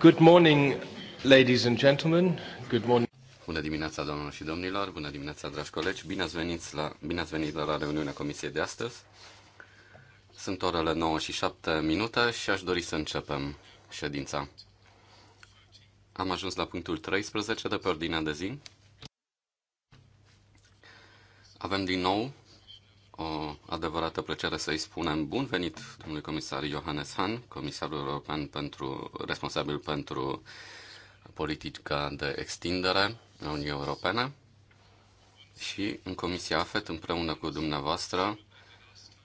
Good morning, ladies and gentlemen. Good morning. Bună dimineața, doamnelor și domnilor. Bună dimineața, dragi colegi. Bine ați venit la, bine ați venit la reuniunea comisiei de astăzi. Sunt orele 9 și 7 minute și aș dori să începem ședința. Am ajuns la punctul 13 de pe ordinea de zi. Avem din nou o adevărată plăcere să-i spunem bun venit domnului comisar Johannes Hahn, comisarul european pentru, responsabil pentru politica de extindere a Uniunii Europene. Și în Comisia AFET, împreună cu dumneavoastră,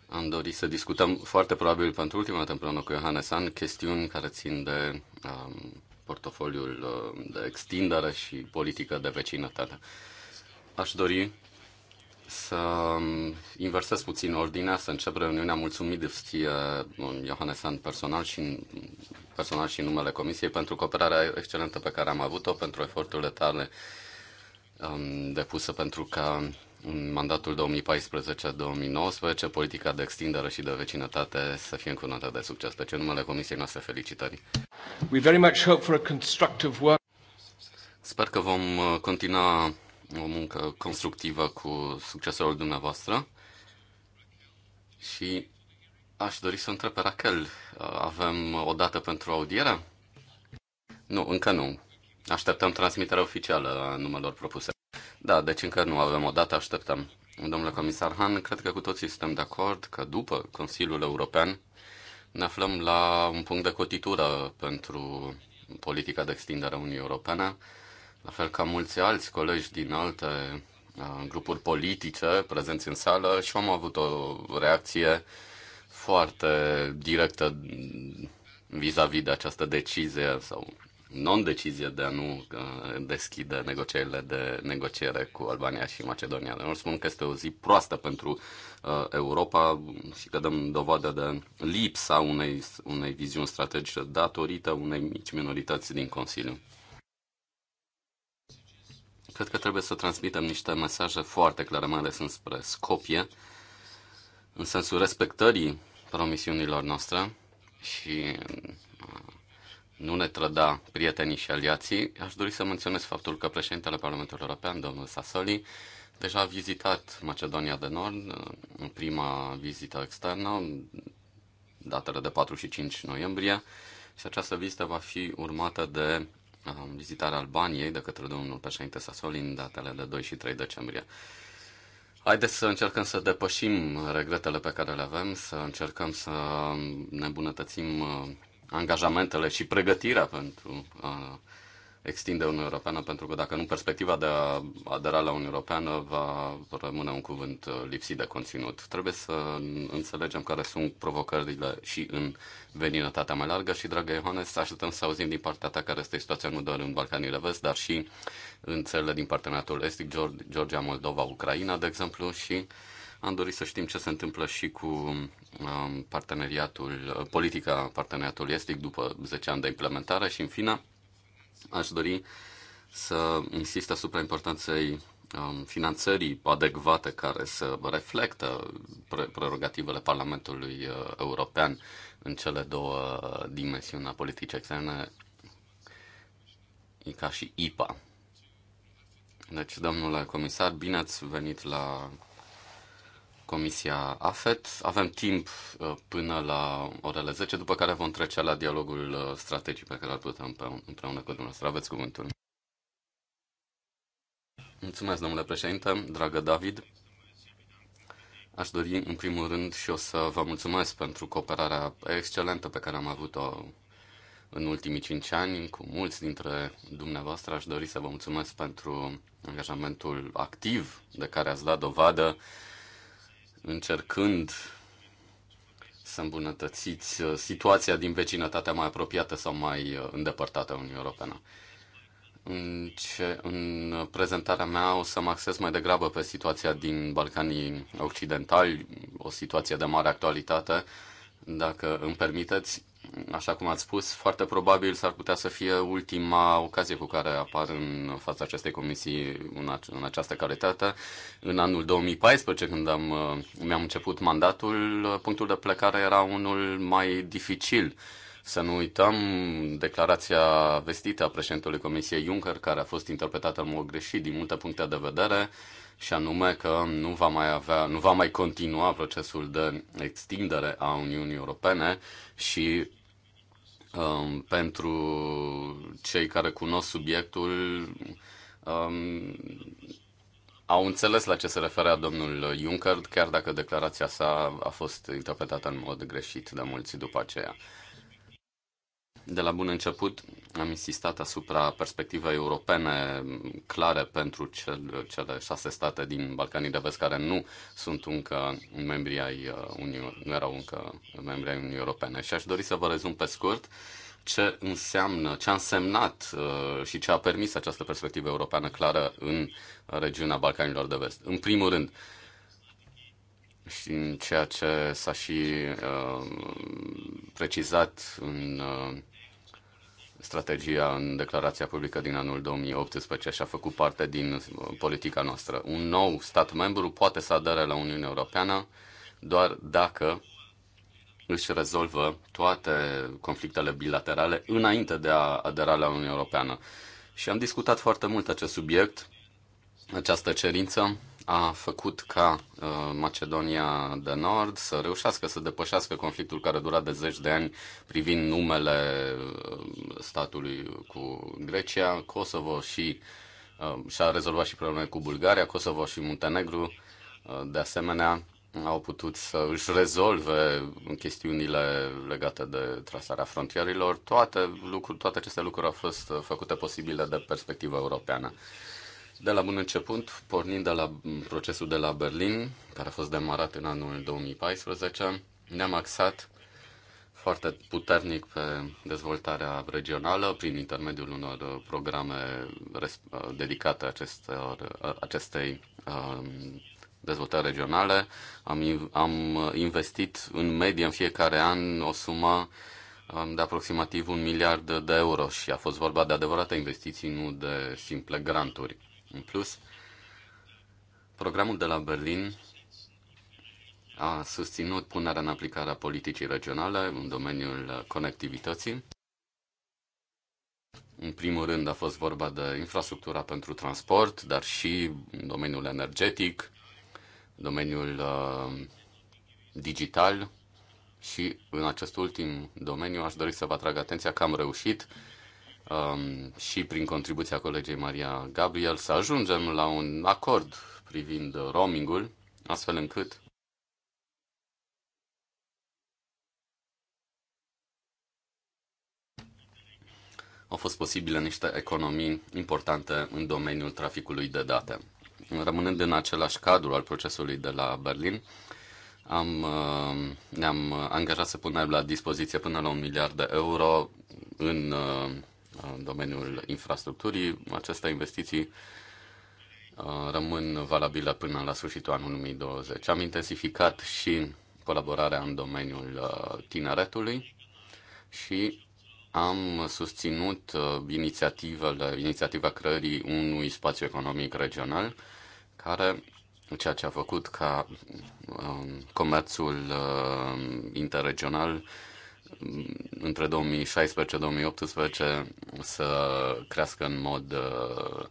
am dorit să discutăm foarte probabil pentru ultima dată împreună cu Johannes Hahn chestiuni care țin de um, portofoliul uh, de extindere și politică de vecinătate. Aș dori să um, inversez puțin ordinea, să încep reuniunea mulțumit fie Iohannes um, Sand personal și, um, personal și în numele Comisiei pentru cooperarea excelentă pe care am avut-o, pentru eforturile tale um, depuse pentru ca în mandatul 2014-2019 politica de extindere și de vecinătate să fie încunată de succes. Deci în numele Comisiei noastre felicitări. We very much hope for a constructive work. Sper că vom uh, continua o muncă constructivă cu succesorul dumneavoastră. Și aș dori să întreb pe Raquel, avem o dată pentru audiere? Nu, încă nu. Așteptăm transmiterea oficială a numelor propuse. Da, deci încă nu avem o dată, așteptăm. Domnule comisar Han, cred că cu toții suntem de acord că după Consiliul European ne aflăm la un punct de cotitură pentru politica de extindere a Uniunii Europene la fel ca mulți alți colegi din alte uh, grupuri politice prezenți în sală și am avut o reacție foarte directă vis-a-vis -vis de această decizie sau non-decizie de a nu uh, deschide negocierile de negociere cu Albania și Macedonia. Nu spun că este o zi proastă pentru uh, Europa și că dăm dovadă de lipsa unei, unei viziuni strategice datorită unei mici minorități din Consiliu. Cred că trebuie să transmitem niște mesaje foarte clare, mai ales înspre Scopie, în sensul respectării promisiunilor noastre și uh, nu ne trăda prietenii și aliații. Aș dori să menționez faptul că președintele Parlamentului European, domnul Sassoli, deja a vizitat Macedonia de Nord uh, în prima vizită externă, datele de 4 și 5 noiembrie, și această vizită va fi urmată de vizitarea Albaniei de către domnul președinte Sassoli în datele de 2 și 3 decembrie. Haideți să încercăm să depășim regretele pe care le avem, să încercăm să ne îmbunătățim uh, angajamentele și pregătirea pentru uh, extinde Uniunea Europeană, pentru că dacă nu, perspectiva de a adera la Uniunea Europeană va rămâne un cuvânt uh, lipsit de conținut. Trebuie să înțelegem care sunt provocările și în veninătatea mai largă și, dragă Iohannes, să așteptăm să auzim din partea ta care este situația nu doar în Balcanii Vest, dar și în țările din parteneriatul estic, Georgia, Moldova, Ucraina, de exemplu, și am dorit să știm ce se întâmplă și cu um, parteneriatul, politica parteneriatului estic după 10 ani de implementare și, în fine, Aș dori să insist asupra importanței um, finanțării adecvate care să reflectă prerogativele Parlamentului uh, European în cele două dimensiuni a politicii externe, ca și IPA. Deci, domnule comisar, bine ați venit la Comisia AFET. Avem timp uh, până la orele 10, după care vom trece la dialogul uh, strategic pe care îl putem împreună cu dumneavoastră. Aveți cuvântul. Mulțumesc, domnule președinte, dragă David. Aș dori, în primul rând, și o să vă mulțumesc pentru cooperarea excelentă pe care am avut-o în ultimii cinci ani cu mulți dintre dumneavoastră. Aș dori să vă mulțumesc pentru angajamentul activ de care ați dat dovadă încercând să îmbunătățiți uh, situația din vecinătatea mai apropiată sau mai uh, îndepărtată a Uniunii Europene. În, ce, în prezentarea mea o să mă acces mai degrabă pe situația din Balcanii Occidentali, o situație de mare actualitate. Dacă îmi permiteți, așa cum ați spus, foarte probabil s-ar putea să fie ultima ocazie cu care apar în fața acestei comisii în, în această calitate. În anul 2014, când am, uh, mi-am început mandatul, uh, punctul de plecare era unul mai dificil. Să nu uităm declarația vestită a președintelui Comisiei Juncker, care a fost interpretată în mod greșit din multe puncte de vedere, și anume că nu va mai avea, nu va mai continua procesul de extindere a Uniunii Europene și um, pentru cei care cunosc subiectul um, au înțeles la ce se referea domnul Juncker, chiar dacă declarația sa a fost interpretată în mod greșit de mulți după aceea. De la bun început am insistat asupra perspectivei europene clare pentru cel, cele șase state din Balcanii de Vest care nu sunt încă membri ai uh, Uniunii, nu erau încă membri ai Uniunii Europene. Și aș dori să vă rezum pe scurt ce înseamnă, ce a însemnat uh, și ce a permis această perspectivă europeană clară în regiunea Balcanilor de Vest. În primul rând, și în ceea ce s-a și uh, precizat în uh, strategia în declarația publică din anul 2018 și a făcut parte din uh, politica noastră. Un nou stat membru poate să adere la Uniunea Europeană doar dacă își rezolvă toate conflictele bilaterale înainte de a adera la Uniunea Europeană. Și am discutat foarte mult acest subiect, această cerință a făcut ca uh, Macedonia de Nord să reușească să depășească conflictul care dura de zeci de ani privind numele uh, statului cu Grecia, Kosovo și uh, și-a rezolvat și probleme cu Bulgaria, Kosovo și Muntenegru. De asemenea, au putut să își rezolve chestiunile legate de trasarea frontierilor. Toate, lucruri, toate aceste lucruri au fost făcute posibile de perspectiva europeană de la bun început, pornind de la procesul de la Berlin, care a fost demarat în anul 2014, ne-am axat foarte puternic pe dezvoltarea regională prin intermediul unor programe dedicate acestor, acestei um, dezvoltări regionale. Am, am investit în medie în fiecare an o sumă um, de aproximativ un miliard de euro și a fost vorba de adevărate investiții, nu de simple granturi. În plus, programul de la Berlin a susținut punerea în aplicare a politicii regionale în domeniul conectivității. În primul rând a fost vorba de infrastructura pentru transport, dar și în domeniul energetic, domeniul uh, digital și în acest ultim domeniu aș dori să vă atrag atenția că am reușit uh, um, și prin contribuția colegei Maria Gabriel să ajungem la un acord privind roamingul, astfel încât au fost posibile niște economii importante în domeniul traficului de date. Rămânând în același cadru al procesului de la Berlin, am, uh, ne-am angajat să punem la dispoziție până la un miliard de euro în uh, în domeniul infrastructurii. Aceste investiții uh, rămân valabile până la sfârșitul anului 2020. Am intensificat și colaborarea în domeniul uh, tineretului și am susținut uh, inițiativele, inițiativa creării unui spațiu economic regional, care ceea ce a făcut ca um, comerțul interregional între 2016-2018 să crească în mod uh,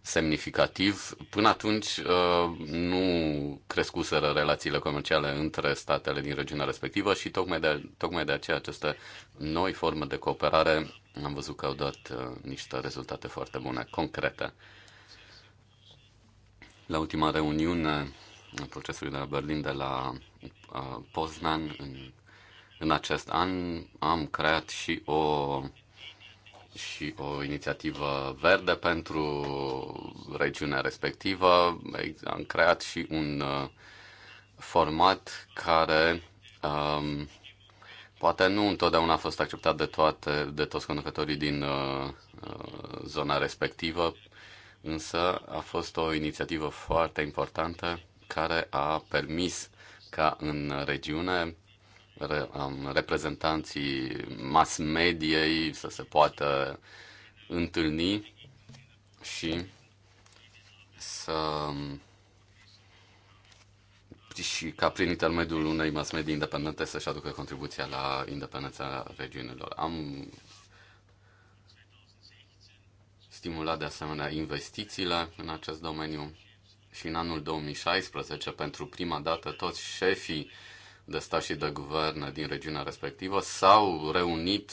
semnificativ. Până atunci uh, nu crescuseră relațiile comerciale între statele din regiunea respectivă și tocmai de, tocmai de aceea aceste noi forme de cooperare am văzut că au dat uh, niște rezultate foarte bune, concrete. La ultima reuniune procesului de la Berlin, de la Poznan, în în acest an am creat și o și o inițiativă verde pentru regiunea respectivă. Am creat și un uh, format care um, poate nu întotdeauna a fost acceptat de, toate, de toți conducătorii din uh, uh zona respectivă, însă a fost o inițiativă foarte importantă care a permis ca în regiune reprezentanții mass mediei să se poată întâlni și să și ca prin intermediul unei mass media independente să-și aducă contribuția la independența regiunilor. Am stimulat de asemenea investițiile în acest domeniu și în anul 2016, pentru prima dată, toți șefii de stat și de guvern din regiunea respectivă s-au reunit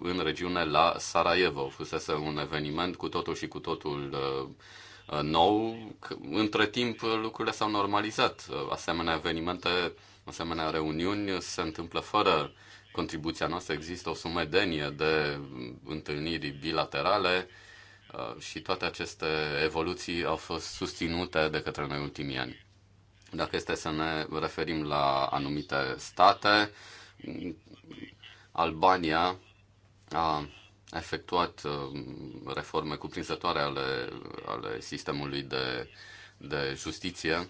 în regiune la Sarajevo. Fusese un eveniment cu totul și cu totul uh, nou. Între timp lucrurile s-au normalizat. Uh, asemenea evenimente, asemenea reuniuni se întâmplă fără contribuția noastră. Există o sumedenie de întâlniri bilaterale uh, și toate aceste evoluții au fost susținute de către noi ultimii ani. Dacă este să ne referim la anumite state, Albania a efectuat uh, reforme cuprinzătoare ale, ale sistemului de, de justiție,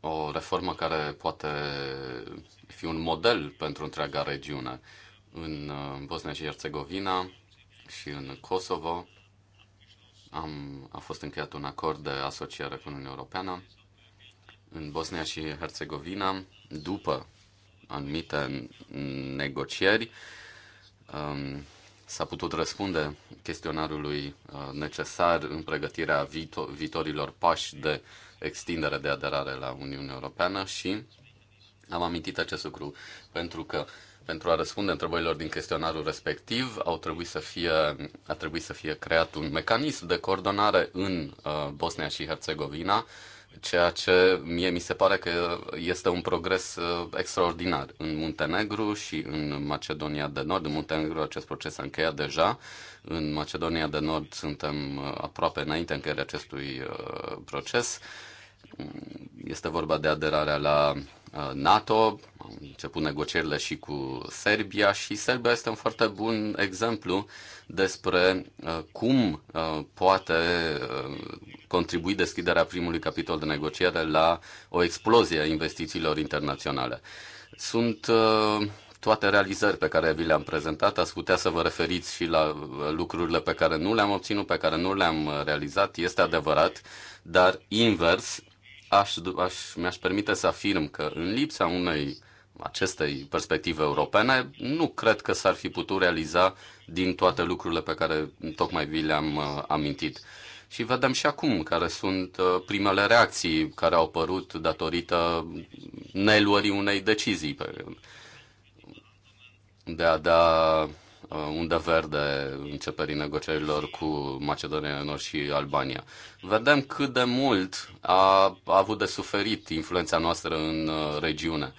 o reformă care poate fi un model pentru întreaga regiune. În uh, Bosnia și Herțegovina și în Kosovo am, a fost încheiat un acord de asociere cu Uniunea Europeană în Bosnia și Herțegovina, după anumite negocieri, um, s-a putut răspunde chestionarului uh, necesar în pregătirea vito- viitorilor pași de extindere de aderare la Uniunea Europeană și am amintit acest lucru pentru că pentru a răspunde întrebărilor din chestionarul respectiv, au trebuit să fie, a trebuit să fie creat un mecanism de coordonare în uh, Bosnia și Herțegovina, ceea ce mie mi se pare că este un progres uh, extraordinar. În Muntenegru și în Macedonia de Nord, în Muntenegru acest proces s-a încheiat deja, în Macedonia de Nord suntem uh, aproape înainte încheierea acestui proces. Este vorba de aderarea la NATO, început negocierile și cu Serbia și Serbia este un foarte bun exemplu despre uh, cum uh, poate uh, contribui deschiderea primului capitol de negociere la o explozie a investițiilor internaționale. Sunt toate realizări pe care vi le-am prezentat, ați putea să vă referiți și la lucrurile pe care nu le-am obținut, pe care nu le-am realizat, este adevărat, dar invers, aș, aș, mi-aș permite să afirm că în lipsa unei acestei perspective europene, nu cred că s-ar fi putut realiza din toate lucrurile pe care tocmai vi le-am uh, amintit. Și vedem și acum care sunt uh, primele reacții care au apărut datorită neluării unei decizii pe, de a da uh, unde verde începerii negocierilor cu Macedonia Nord și Albania. Vedem cât de mult a, a avut de suferit influența noastră în regiune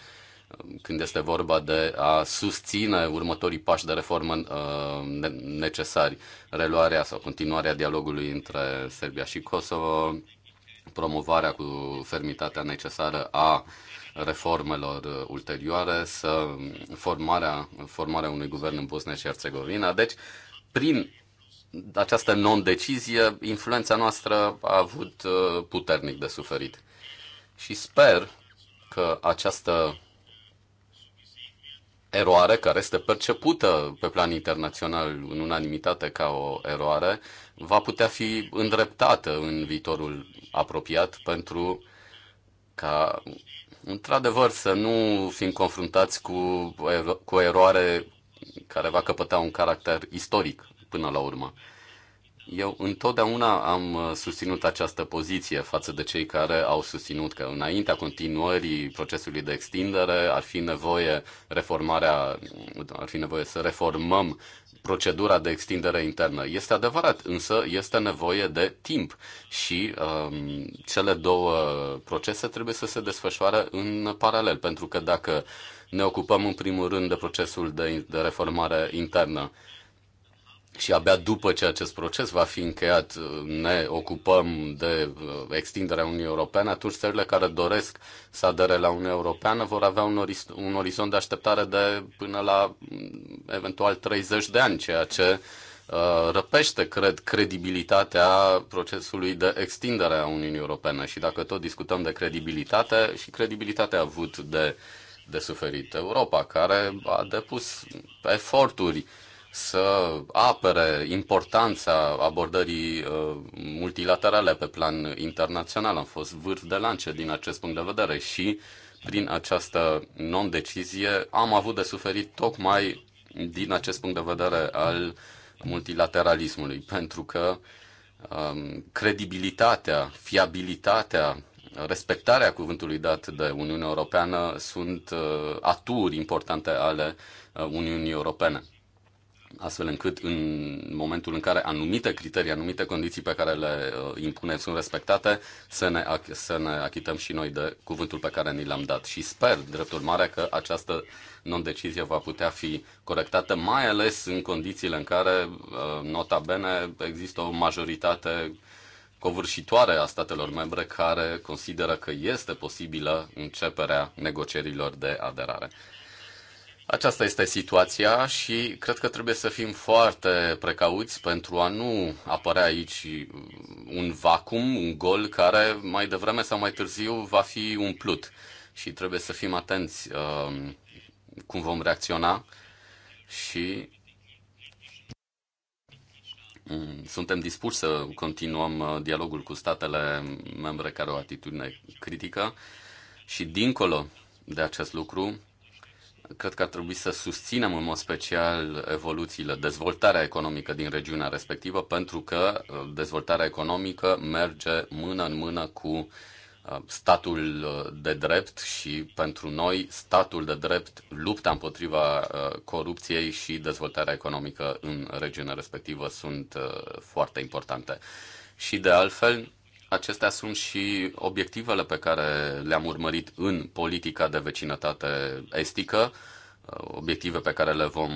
când este vorba de a susține următorii pași de reformă uh, necesari, reluarea sau continuarea dialogului între Serbia și Kosovo, promovarea cu fermitatea necesară a reformelor ulterioare, să formarea, formarea unui guvern în Bosnia și Herțegovina. Deci, prin această non-decizie, influența noastră a avut uh, puternic de suferit. Și sper că această eroare care este percepută pe plan internațional în unanimitate ca o eroare, va putea fi îndreptată în viitorul apropiat pentru ca, într-adevăr, să nu fim confruntați cu, cu o eroare care va căpăta un caracter istoric până la urmă. Eu întotdeauna am uh, susținut această poziție față de cei care au susținut că înaintea continuării procesului de extindere ar fi nevoie reformarea, mm, ar fi nevoie să reformăm procedura de extindere internă. Este adevărat, însă este nevoie de timp și um, cele două procese trebuie să se desfășoare în paralel, pentru că dacă ne ocupăm în primul rând de procesul de, de reformare internă, și abia după ce acest proces va fi încheiat, ne ocupăm de uh, extinderea Uniunii Europene, atunci țările care doresc să adere la Uniunea Europeană vor avea un, oriz- un orizont de așteptare de până la mm, eventual 30 de ani, ceea ce uh, răpește, cred, credibilitatea procesului de extindere a Uniunii Europene. Și dacă tot discutăm de credibilitate, și credibilitatea avut de, de suferit Europa, care a depus eforturi să apere importanța abordării uh, multilaterale pe plan internațional. Am fost vârf de lance din acest punct de vedere și prin această non-decizie am avut de suferit tocmai din acest punct de vedere al multilateralismului, pentru că um, credibilitatea, fiabilitatea, respectarea cuvântului dat de Uniunea Europeană sunt uh, aturi importante ale uh, Uniunii Europene astfel încât în momentul în care anumite criterii, anumite condiții pe care le uh, impune sunt respectate, să ne, să ne achităm și noi de cuvântul pe care ni l-am dat. Și sper, drept urmare, că această non-decizie va putea fi corectată, mai ales în condițiile în care, uh, nota bene, există o majoritate covârșitoare a statelor membre care consideră că este posibilă începerea negocierilor de aderare. Aceasta este situația și cred că trebuie să fim foarte precauți pentru a nu apărea aici un vacum, un gol care mai devreme sau mai târziu va fi umplut. Și trebuie să fim atenți uh, cum vom reacționa și um, suntem dispuși să continuăm uh, dialogul cu statele membre care au atitudine critică și dincolo de acest lucru Cred că ar trebui să susținem în mod special evoluțiile, dezvoltarea economică din regiunea respectivă, pentru că uh, dezvoltarea economică merge mână în mână cu uh, statul uh, de drept și pentru noi statul de drept, lupta împotriva corupției și dezvoltarea economică în regiunea respectivă sunt foarte importante. Și de altfel, acestea sunt și obiectivele pe care le-am urmărit în politica de vecinătate estică, obiective pe care le vom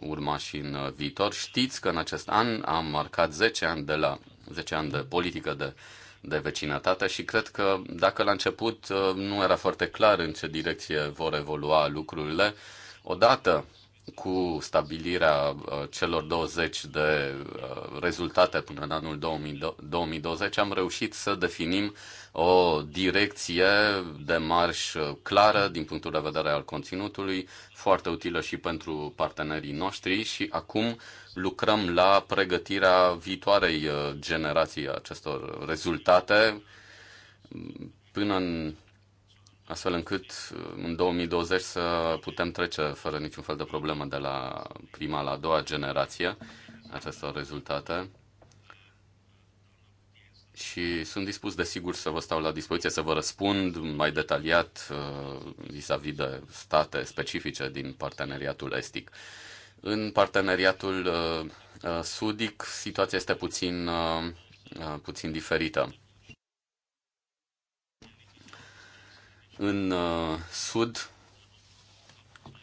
urma și în viitor. Știți că în acest an am marcat 10 ani de la 10 ani de politică de, de vecinătate și cred că dacă la început uh, nu era foarte clar în ce direcție vor evolua lucrurile, odată cu stabilirea uh, celor 20 de uh, rezultate până în anul 2020 am reușit să definim o direcție de marș uh, clară din punctul de vedere al conținutului, foarte utilă și pentru partenerii noștri și acum lucrăm la pregătirea viitoarei generații acestor rezultate până în astfel încât uh, în 2020 să putem trece fără niciun fel de problemă de la prima la a doua generație acestor rezultate. Și sunt dispus, desigur, să vă stau la dispoziție, să vă răspund mai detaliat uh, vis-a-vis -vis de state specifice din parteneriatul estic. În parteneriatul uh, sudic, situația este puțin, puțin diferită În uh, sud,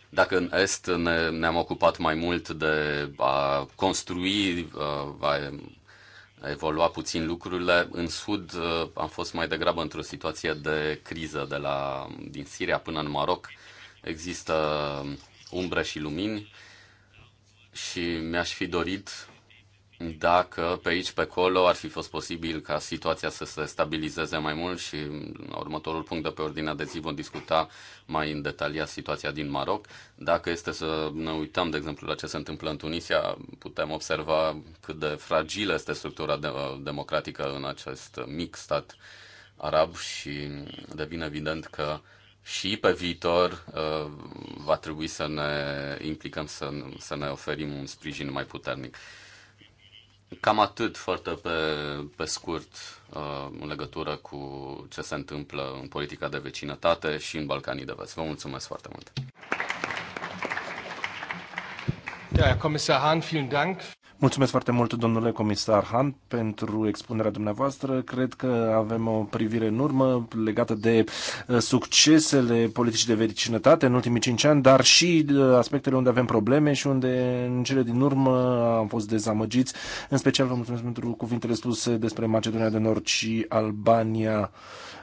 dacă în est ne, ne-am ocupat mai mult de a construi, uh, a evolua puțin lucrurile, în sud uh, am fost mai degrabă într-o situație de criză de la, din Siria până în Maroc. Există umbre și lumini și mi-aș fi dorit dacă pe aici, pe acolo, ar fi fost posibil ca situația să se stabilizeze mai mult și în următorul punct de pe ordinea de zi vom discuta mai în detalia situația din Maroc. Dacă este să ne uităm, de exemplu, la ce se întâmplă în Tunisia, putem observa cât de fragilă este structura de- democratică în acest mic stat arab și devine evident că și pe viitor uh, va trebui să ne implicăm, să ne oferim un sprijin mai puternic. Cam atât foarte pe, pe scurt uh, în legătură cu ce se întâmplă în politica de vecinătate și în Balcanii de Vest. Vă mulțumesc foarte mult! Ja, Herr Kommissar Hahn, vielen Dank. Mulțumesc foarte mult, domnule comisar Han, pentru expunerea dumneavoastră. Cred că avem o privire în urmă legată de uh, succesele politicii de vecinătate în ultimii cinci ani, dar și uh, aspectele unde avem probleme și unde în cele din urmă am fost dezamăgiți. În special vă mulțumesc pentru cuvintele spuse despre Macedonia de Nord și Albania.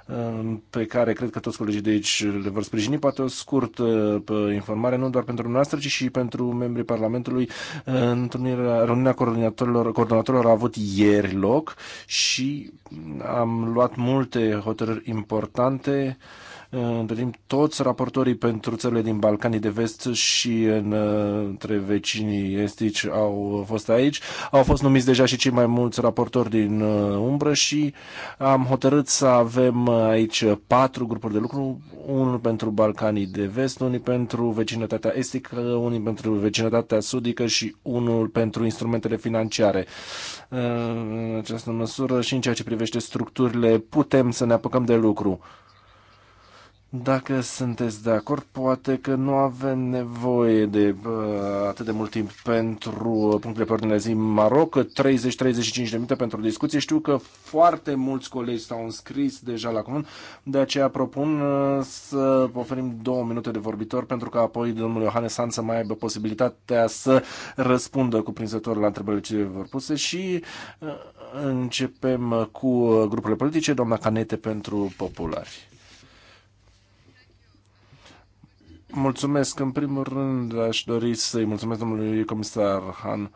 Um, pe care cred că toți colegii de aici le vor sprijini. Poate o scurt uh, informare, nu doar pentru noastră, ci și pentru membrii Parlamentului. Uh, întâlnirea, reuniunea coordonatorilor, coordonatorilor a avut ieri loc și am luat multe hotărâri importante uh, Uh, întâlnim toți raportorii pentru țările din Balcanii de Vest și uh, între vecinii estici au fost aici. Au fost numiți deja și cei mai mulți raportori din uh, umbră și am hotărât să avem aici patru grupuri de lucru, unul pentru Balcanii de Vest, unul pentru vecinătatea estică, unul pentru vecinătatea sudică și unul pentru instrumentele financiare. În această măsură și în ceea ce privește structurile, putem să ne apucăm de lucru. Dacă sunteți de acord, poate că nu avem nevoie de uh, atât de mult timp pentru uh, punctele pe ordine zi Maroc, 30-35 de minute pentru discuție. Știu că foarte mulți colegi s-au înscris deja la comun, de aceea propun uh, să oferim două minute de vorbitor pentru că apoi domnul Iohannes Han să mai aibă posibilitatea să răspundă cu prinzător la întrebările ce vor puse și uh, începem cu grupurile politice, doamna Canete pentru populari. Mulțumesc. În primul rând aș dori să-i mulțumesc domnului comisar Han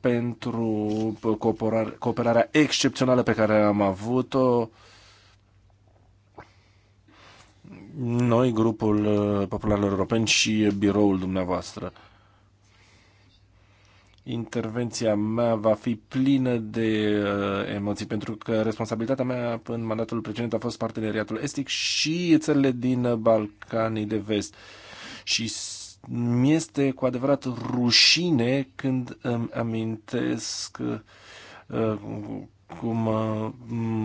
pentru cooperarea excepțională pe care am avut-o. Noi, grupul uh, popularilor europeni și biroul dumneavoastră. Intervenția mea va fi plină de uh, emoții, pentru că responsabilitatea mea în mandatul precedent a fost parteneriatul estic și țările din Balcanii de vest. Uh, și mi este cu adevărat rușine când îmi amintesc uh, cum uh,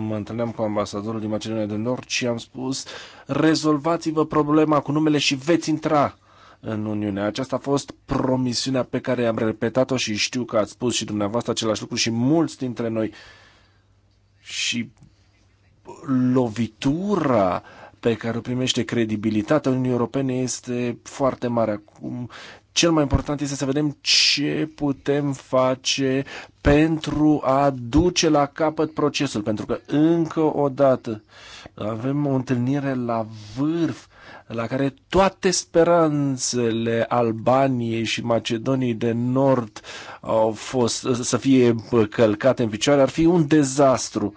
mă întâlneam cu ambasadorul din Macedonia de Nord și am spus rezolvați-vă problema cu numele și veți intra în Uniune. Aceasta a fost promisiunea pe care am repetat-o și știu că ați spus și dumneavoastră același lucru și mulți dintre noi. Și lovitura uh, pe care o primește credibilitatea Uniunii Europene este foarte mare. Acum, cel mai important este să vedem ce putem face pentru a duce la capăt procesul, pentru că încă o dată avem o întâlnire la vârf la care toate speranțele Albaniei și Macedoniei de Nord au fost să fie călcate în picioare, ar fi un dezastru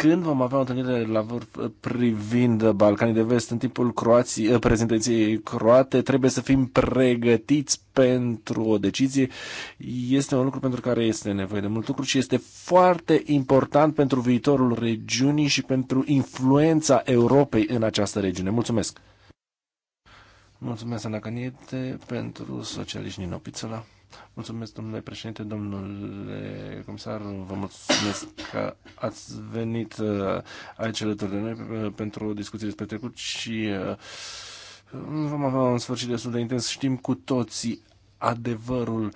când vom avea o întâlnire la vor uh, privind uh, Balcanii de Vest în timpul Croații, uh, prezentației croate, trebuie să fim pregătiți pentru o decizie. Este un lucru pentru care este nevoie de mult lucru și este foarte important pentru viitorul regiunii și pentru influența Europei în această regiune. Mulțumesc! Mulțumesc, Ana Caniete, pentru socialiști Nino Pizzola. Mulțumesc, domnule președinte, domnule comisar, vă mulțumesc că ați venit uh, aici alături de noi uh, pentru o discuție despre trecut și uh, vom avea un sfârșit destul de intens. Știm cu toții adevărul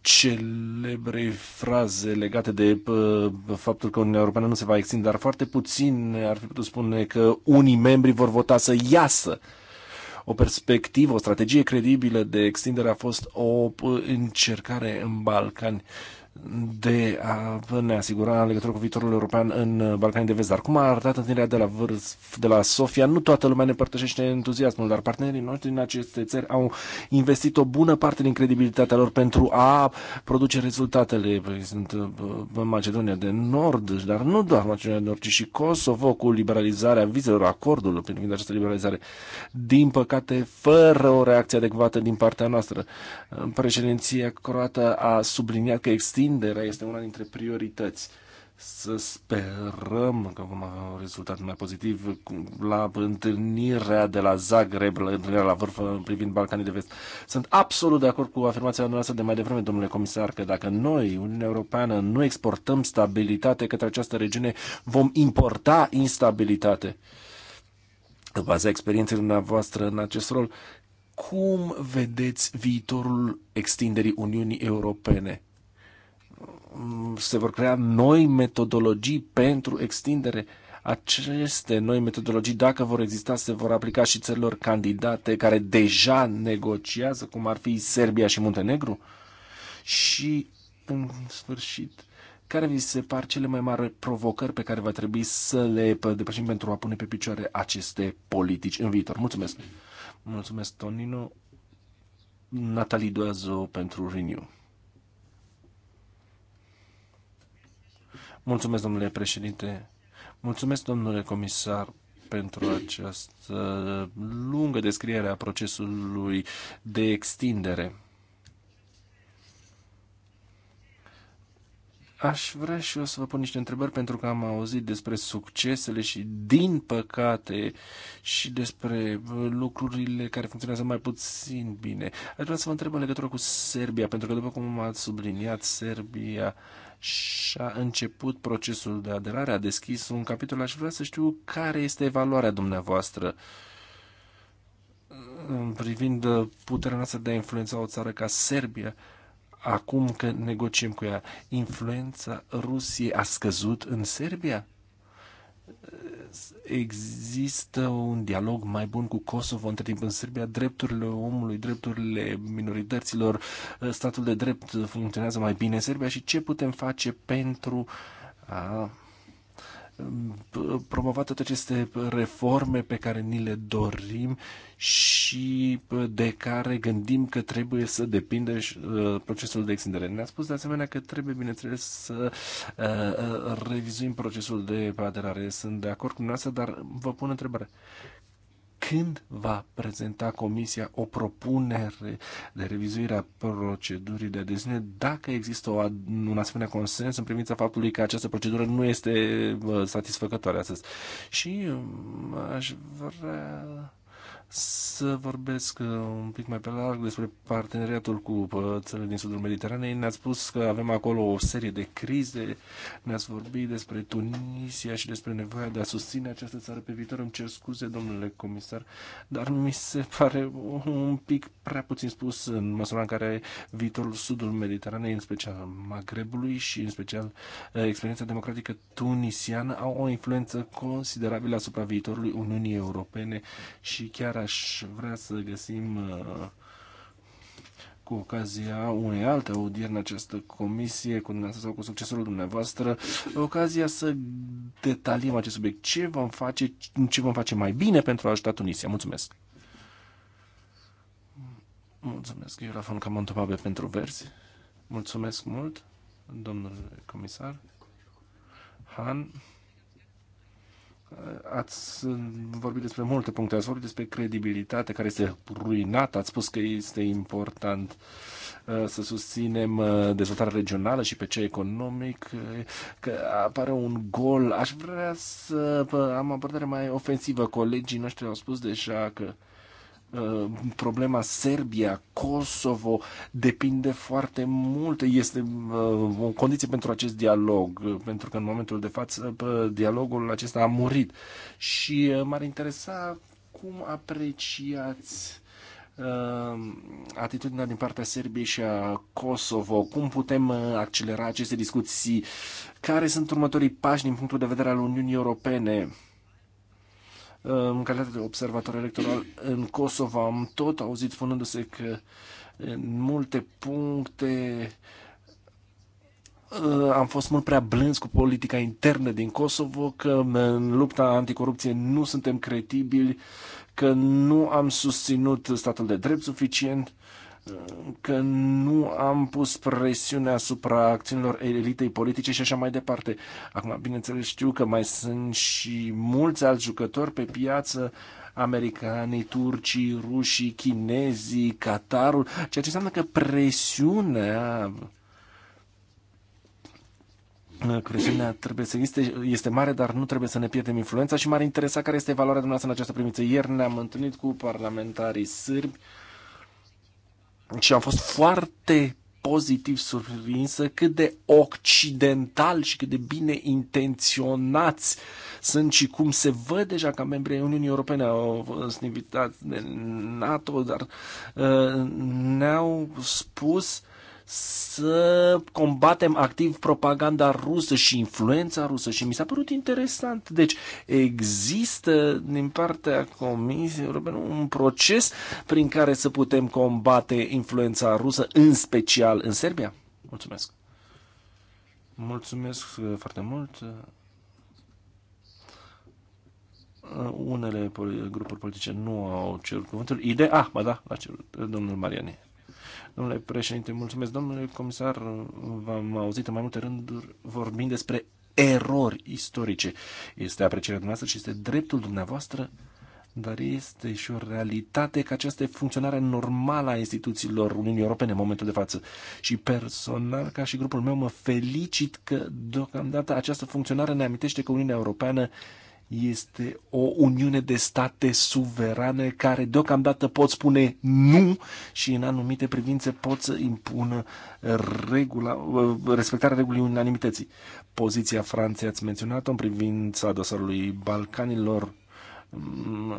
celebrei fraze legate de faptul că Uniunea Europeană nu se va extinde, dar foarte puțin ar fi putut spune că unii membri vor vota să iasă o perspectivă, o strategie credibilă de extindere a fost o încercare în Balcani de a ne asigura în legătură cu viitorul european în Balcanii de Vest. Dar cum a arătat întâlnirea de la, vârf, de la Sofia, nu toată lumea ne părtășește entuziasmul, dar partenerii noștri din aceste țări au investit o bună parte din credibilitatea lor pentru a produce rezultatele. Păi sunt uh, în Macedonia de Nord, dar nu doar Macedonia de Nord, ci și Kosovo cu liberalizarea vizelor, acordul privind această liberalizare. Din păcate, fără o reacție adecvată din partea noastră. Președinția croată a subliniat că există extinderea este una dintre priorități. Să sperăm că vom avea un rezultat mai pozitiv la întâlnirea de la Zagreb, la întâlnirea la vârf privind Balcanii de Vest. Sunt absolut de acord cu afirmația noastră de mai devreme, domnule comisar, că dacă noi, Uniunea Europeană, nu exportăm stabilitate către această regiune, vom importa instabilitate. Pe baza experienței dumneavoastră în acest rol, cum vedeți viitorul extinderii Uniunii Europene? Mm, se vor crea noi metodologii pentru extindere. Aceste noi metodologii, dacă vor exista, se vor aplica și țărilor candidate care deja negociază, cum ar fi Serbia și Muntenegru? Și, în sfârșit, care vi se par cele mai mari provocări pe care va trebui să le depășim pentru a pune pe picioare aceste politici în viitor? Mulțumesc! Mulțumesc, Tonino! Natalie Doazo pentru Renew. Mulțumesc, domnule președinte. Mulțumesc, domnule comisar, pentru această lungă descriere a procesului de extindere. Aș vrea și eu să vă pun niște întrebări pentru că am auzit despre succesele și, din păcate, și despre uh, lucrurile care funcționează mai puțin bine. Aș vrea să vă întreb în legătură cu Serbia, pentru că, după cum ați subliniat, Serbia uh, și a început procesul de aderare, a deschis un capitol. Aș vrea să știu care este evaluarea dumneavoastră privind puterea noastră de a influența o țară ca Serbia acum că negociem cu ea. Influența Rusiei a scăzut în Serbia? există un dialog mai bun cu Kosovo între timp în Serbia, drepturile omului, drepturile minorităților, statul de drept funcționează mai bine în Serbia și ce putem face pentru a promovat toate aceste reforme pe care ni le dorim și de care gândim că trebuie să depindă uh, procesul de extindere. Ne-a spus de asemenea că trebuie, bineînțeles, să uh, uh, revizuim procesul de aderare. Sunt de acord cu dumneavoastră, dar vă pun întrebare când va prezenta Comisia o propunere de revizuire a procedurii de adeziune, dacă există o, un asemenea consens în privința faptului că această procedură nu este uh, satisfăcătoare astăzi. Și um, aș vrea să vorbesc uh, un pic mai pe larg despre parteneriatul cu uh, țările din sudul Mediteranei. Ne-ați spus că avem acolo o serie de crize, ne-ați vorbit despre Tunisia și despre nevoia de a susține această țară pe viitor. Îmi cer scuze, domnule comisar, dar mi se pare un pic prea puțin spus în măsura în care viitorul sudul Mediteranei, în special Magrebului și în special uh, experiența democratică tunisiană, au o influență considerabilă asupra viitorului Uniunii Europene și chiar aș vrea să găsim uh, cu ocazia unei alte audieri în această comisie, cu dumneavoastră sau cu succesorul dumneavoastră, ocazia să detaliem acest subiect. Ce vom face, ce vom face mai bine pentru a ajuta Tunisia? Mulțumesc! Mulțumesc, eu la fel ca Montopabe pentru verzi. Mulțumesc mult, domnule comisar. Han. Ați vorbit despre multe puncte, ați vorbit despre credibilitate care este ruinată, ați spus că este important uh, să susținem uh, dezvoltarea regională și pe cea economic, uh, că apare un gol. Aș vrea să am abordare mai ofensivă. Colegii noștri au spus deja că Uh, problema Serbia, Kosovo depinde foarte mult, este uh, o condiție pentru acest dialog, uh, pentru că în momentul de față dialogul acesta a murit. Și m-ar interesa cum apreciați atitudinea din partea Serbiei și a Kosovo, cum putem accelera aceste discuții, care sunt următorii pași din punctul de vedere al Uniunii Europene în calitate de observator electoral în Kosovo am tot auzit spunându-se că în multe puncte uh, am fost mult prea blânzi cu politica internă din Kosovo, că în lupta anticorupție nu suntem credibili, că nu am susținut statul de drept suficient că nu am pus presiune asupra acțiunilor elitei politice și așa mai departe. Acum, bineînțeles, știu că mai sunt și mulți alți jucători pe piață americanii, turcii, rușii, chinezii, Qatarul, ceea ce înseamnă că presiunea Presiunea trebuie să existe, este mare, dar nu trebuie să ne pierdem influența și m-ar interesa care este valoarea dumneavoastră în această primiță. Ieri ne-am întâlnit cu parlamentarii sârbi, uh, și am fost foarte pozitiv surprinsă cât de occidental și cât de bine intenționați sunt și cum se văd deja ca membrii Uniunii Europene au fost invitați de NATO, dar uh, ne-au spus să combatem activ propaganda rusă și influența rusă și mi s-a părut interesant. Deci există din partea Comisiei Europene un proces prin care să putem combate influența rusă, în special în Serbia? Mulțumesc! Mulțumesc uh, foarte mult! Uh, unele grupuri politice nu au cerut cuvântul. Ideea, ah, ba da, la cerut uh, domnul Mariani. Domnule președinte, mulțumesc. Domnule comisar, v-am auzit în mai multe rânduri vorbind despre erori istorice. Este aprecierea dumneavoastră și este dreptul dumneavoastră dar este și o realitate că această funcționare normală a instituțiilor Uniunii Europene în momentul de față. Și personal, ca și grupul meu, mă felicit că deocamdată această funcționare ne amintește că Uniunea Europeană este o uniune de state suverane care deocamdată pot spune nu și în anumite privințe pot să impună regula, respectarea regulii unanimității. Poziția Franței ați menționat-o în privința dosarului Balcanilor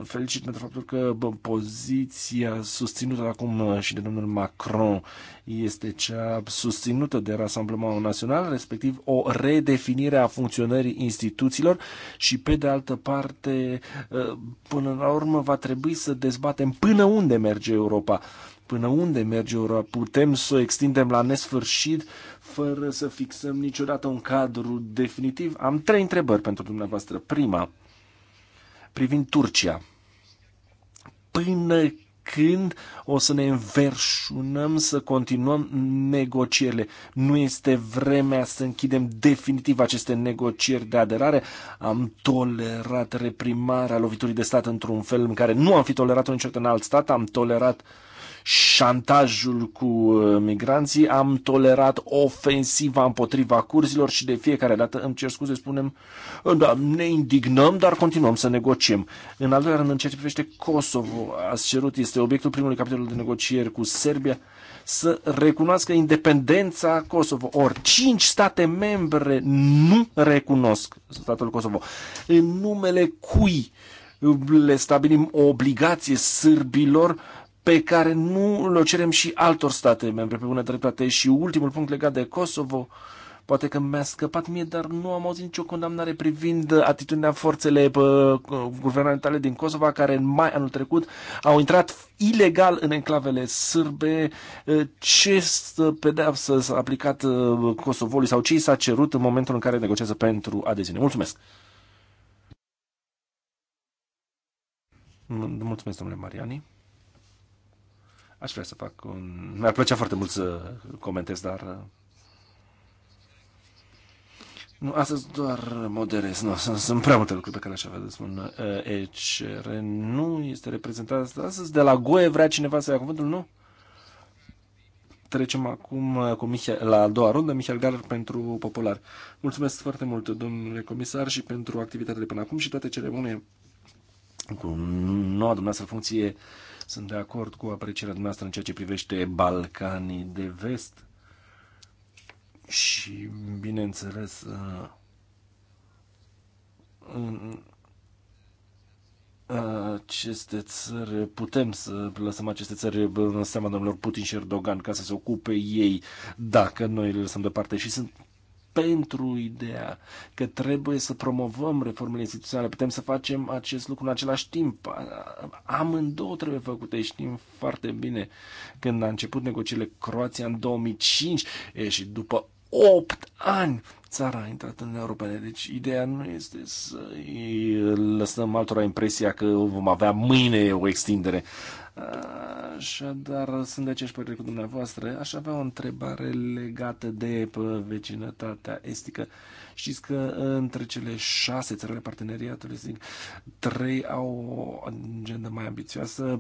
felicit pentru faptul că poziția susținută acum și de domnul Macron este cea susținută de Rassemblement Național, respectiv o redefinire a funcționării instituțiilor și, pe de altă parte, ă, până la urmă va trebui să dezbatem până unde merge Europa până unde merge Europa, putem să o extindem la nesfârșit fără să fixăm niciodată un cadru definitiv. Am trei întrebări pentru dumneavoastră. Prima, privind Turcia. Până când o să ne înverșunăm să continuăm negocierile. Nu este vremea să închidem definitiv aceste negocieri de aderare. Am tolerat reprimarea loviturii de stat într-un fel în care nu am fi tolerat-o niciodată în alt stat. Am tolerat uh, șantajul cu uh, migranții, am tolerat ofensiva împotriva curzilor și de fiecare dată, îmi cer scuze, spunem, uh, da, ne indignăm, dar continuăm să negociem. În al doilea rând, în ceea ce privește Kosovo, a cerut, este obiectul primului capitol de negocieri cu Serbia, să recunoască independența Kosovo. Ori cinci state membre nu recunosc statul Kosovo. În numele cui le stabilim o obligație sârbilor pe care nu le cerem și altor state membre pe bună dreptate. Și ultimul punct legat de Kosovo, poate că mi-a scăpat mie, dar nu am auzit nicio condamnare privind atitudinea forțele uh, guvernamentale din Kosovo, care în mai anul trecut au intrat ilegal în enclavele sârbe. Uh, ce pedeapsă s-a aplicat uh, Kosovului sau ce i s-a cerut în momentul în care negocează pentru adeziune? Mulțumesc! Mulțumesc, domnule Mariani. Aș vrea să fac un... Mi-ar plăcea foarte mult să comentez, dar... Uh, nu, astăzi doar moderez. Nu, sunt, sunt prea multe lucruri pe care aș avea de spun. Uh, ECR nu este reprezentat astăzi. De la GOE vrea cineva să ia cuvântul, nu? Trecem acum uh, cu Michael, la a doua rundă, Michael Galer pentru Popular. Mulțumesc foarte mult, domnule comisar, și pentru activitatea de până acum și toate cele bune cu noua dumneavoastră funcție uh, sunt de acord cu aprecierea dumneavoastră în ceea ce privește Balcanii de vest și, bineînțeles, uh, în uh, aceste țări, putem să lăsăm aceste țări în seama domnilor Putin și Erdogan ca să se ocupe ei dacă noi le lăsăm deoparte și sunt pentru ideea că trebuie să promovăm reformele instituționale. Putem să facem acest lucru în același timp. Amândouă trebuie făcute. Știm foarte bine când a început negocierile Croația în 2005 e, și după 8 ani țara a intrat în Europene. Deci ideea nu este să lăsăm altora impresia că vom avea mâine o extindere. Așadar, sunt de aceeași părere cu dumneavoastră. Aș avea o întrebare legată de vecinătatea estică. Uh, Știți că uh, între cele șase țările parteneriatului, zic, trei au o agendă mai ambițioasă,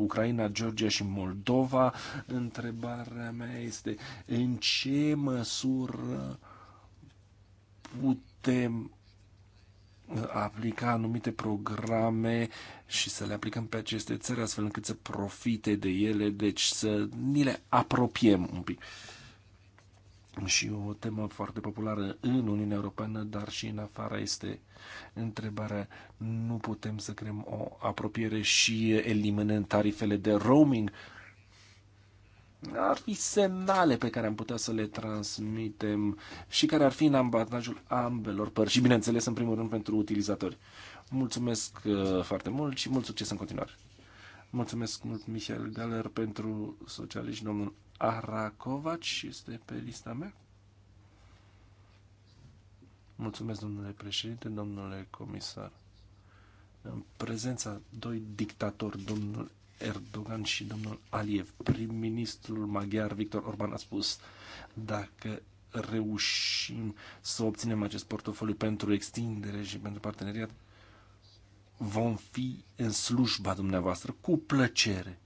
Ucraina, Georgia și Moldova. Întrebarea mea este în ce măsură putem aplica anumite programe și să le aplicăm pe aceste țări astfel încât să profite de ele, deci să ni le apropiem un pic. Uh, și o temă foarte populară în Uniunea Europeană, dar și în afara este întrebarea nu putem să creăm o apropiere și eliminăm tarifele de roaming ar fi semnale pe care am putea să le transmitem și care ar fi în avantajul ambelor părți și, bineînțeles, în primul rând pentru utilizatori. Mulțumesc uh, foarte mult și mult succes în continuare. Mulțumesc mult, Michel Galler, pentru socialiști, domnul Aracovaci este pe lista mea. Mulțumesc, domnule președinte, domnule comisar. În prezența doi dictatori, domnul Erdogan și domnul Aliev, prim-ministrul maghiar Victor Orban a spus dacă reușim să obținem acest portofoliu pentru extindere și pentru parteneriat, vom fi în slujba dumneavoastră cu plăcere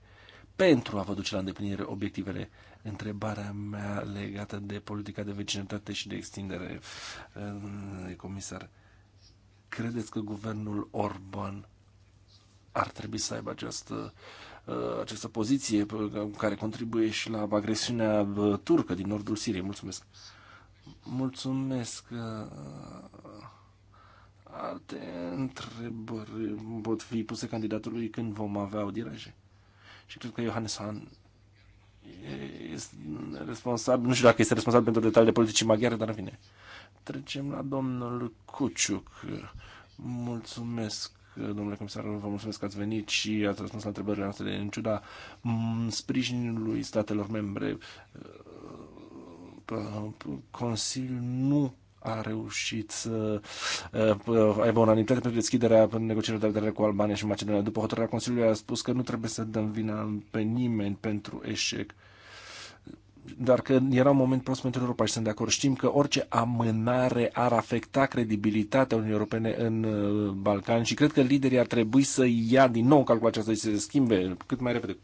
pentru a vă duce la îndeplinire obiectivele. Întrebarea mea legată de politica de vecinătate și de extindere, comisar, credeți că guvernul Orban ar trebui să aibă această, uh, această poziție care contribuie și la agresiunea uh, turcă din nordul Siriei? Mulțumesc! Mulțumesc! Uh, alte întrebări pot fi puse candidatului când vom avea audieraje? și cred că Iohannes Han este responsabil, nu știu dacă este responsabil pentru detaliile politicii maghiare, dar în fine. Trecem la domnul Cuciuc. Mulțumesc domnule comisar, vă mulțumesc că ați venit și ați răspuns la întrebările noastre. În ciuda mm, sprijinului statelor membre, mm, Consiliul nu a reușit să uh, aibă unanimitate pentru deschiderea negocierilor de aderare cu Albania și Macedonia. După hotărârea Consiliului a spus că nu trebuie să dăm vina pe nimeni pentru eșec dar că era un moment prost pentru Europa și sunt de acord. Știm că orice amânare ar afecta credibilitatea Uniunii Europene în uh, Balcani și cred că liderii ar trebui să ia din nou calcul acesta și să se schimbe cât mai repede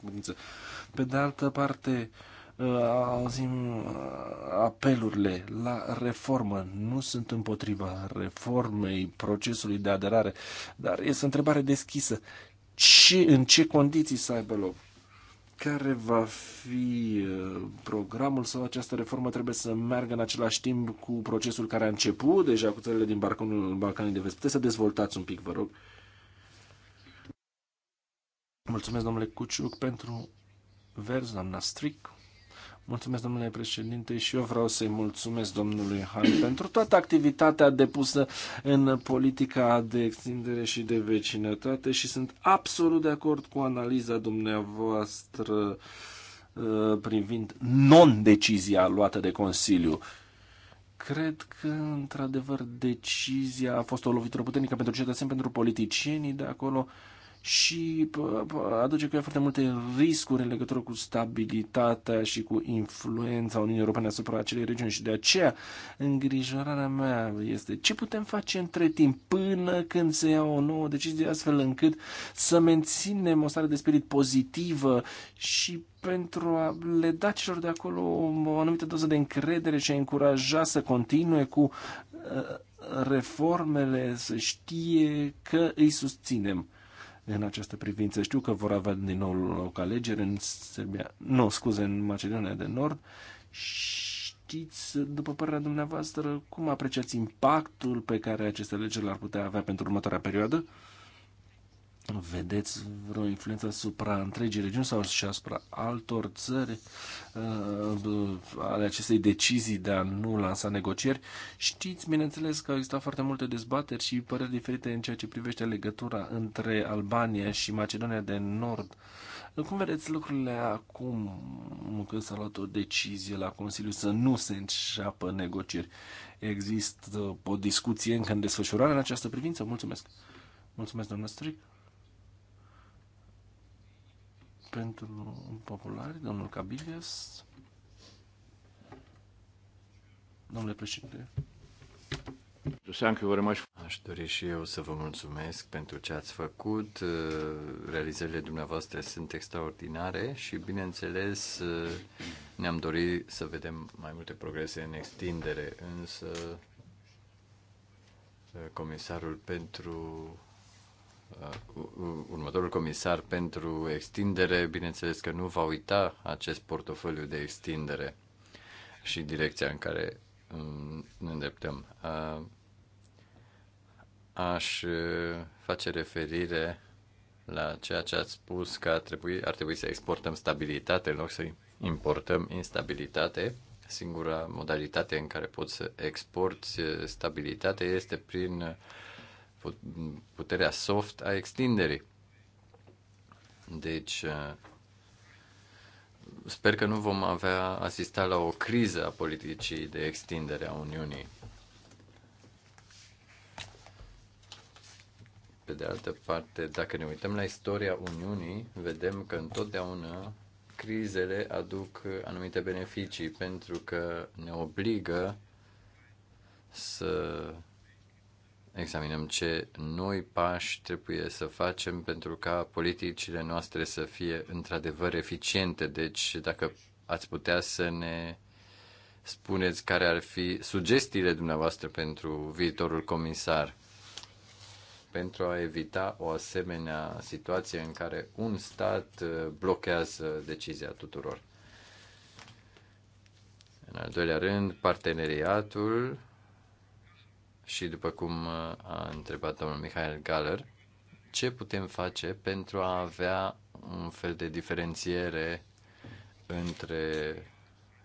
Pe de altă parte, uh, Uh, auzim uh, apelurile la reformă. Nu sunt împotriva reformei procesului de aderare, dar este o întrebare deschisă. Ce, în ce condiții să aibă loc? Care va fi uh, programul sau această reformă trebuie să meargă în același timp cu procesul care a început deja cu țările din Balcanul, Balcanii de Vest? Puteți să dezvoltați un pic, vă rog. Mulțumesc, domnule Cuciuc, pentru vers, doamna Stric. Mulțumesc, domnule președinte, și eu vreau să-i mulțumesc domnului Han pentru toată activitatea depusă în politica de extindere și de vecinătate și sunt absolut de acord cu analiza dumneavoastră uh, privind non-decizia luată de Consiliu. Cred că, într-adevăr, decizia a fost o lovitură puternică pentru cetățeni, pentru politicienii de acolo. Uh, și aduce cu ea foarte multe riscuri în legătură cu stabilitatea și cu influența Uniunii Europene asupra acelei regiuni și de aceea îngrijorarea mea este ce putem face între timp până când se ia o nouă decizie astfel încât să menținem o stare de spirit pozitivă și pentru a le da celor de acolo o anumită doză de încredere și a încuraja să continue cu uh, reformele, să știe că îi susținem în această privință. Știu că vor avea din nou loc alegeri în Serbia, nu, scuze, în Macedonia de Nord. Știți, după părerea dumneavoastră, cum apreciați impactul pe care aceste alegeri l-ar putea avea pentru următoarea perioadă? Uh, vedeți vreo influență asupra întregii regiuni sau și asupra altor țări uh, ale acestei decizii de a nu lansa negocieri. Știți, bineînțeles, că au existat foarte multe dezbateri și păreri diferite în ceea ce privește legătura între Albania și Macedonia de Nord. Cum vedeți lucrurile acum, când s-a luat o decizie la Consiliu să nu se înceapă negocieri? Există o discuție încă în desfășurare în această privință? Mulțumesc! Mulțumesc, domnul Stric! pentru populari, domnul Cabilias. Domnule președinte. Aș dori și eu să vă mulțumesc pentru ce ați făcut. Realizările dumneavoastră sunt extraordinare și, bineînțeles, ne-am dorit să vedem mai multe progrese în extindere, însă comisarul pentru Uh, următorul comisar pentru extindere, bineînțeles că nu va uita acest portofoliu de extindere și direcția în care um, ne îndreptăm. Uh, aș uh, face referire la ceea ce ați spus că ar trebui, ar trebui să exportăm stabilitate în loc să importăm instabilitate. Singura modalitate în care poți să exporti stabilitate este prin uh, puterea soft a extinderii. Deci, uh, sper că nu vom avea asista la o criză a politicii de extindere a Uniunii. Pe de altă parte, dacă ne uităm la istoria Uniunii, vedem că întotdeauna crizele aduc anumite beneficii pentru că ne obligă să examinăm ce noi pași trebuie să facem pentru ca politicile noastre să fie într-adevăr eficiente. Deci, dacă ați putea să ne spuneți care ar fi sugestiile dumneavoastră pentru viitorul comisar pentru a evita o asemenea situație în care un stat uh, blochează decizia tuturor. În al doilea rând, parteneriatul și după cum uh, a întrebat domnul Mihail Galler, ce putem face pentru a avea un fel de diferențiere între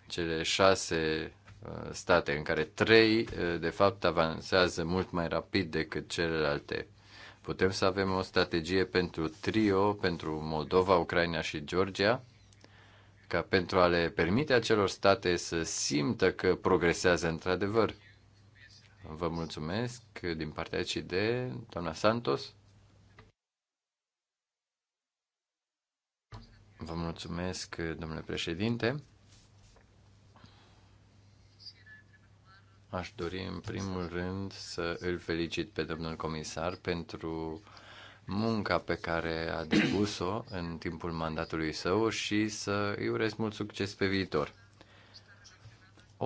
cele șase uh, state, în care trei, uh, de fapt, avansează mult mai rapid decât celelalte. Putem să avem o strategie pentru trio, pentru Moldova, Ucraina și Georgia, ca pentru a le permite acelor state să simtă că progresează într-adevăr Vă mulțumesc din partea de doamna Santos. Vă mulțumesc, domnule președinte. Aș dori în primul rând să îl felicit pe domnul comisar pentru munca pe care a depus-o în timpul mandatului său și să îi urez mult succes pe viitor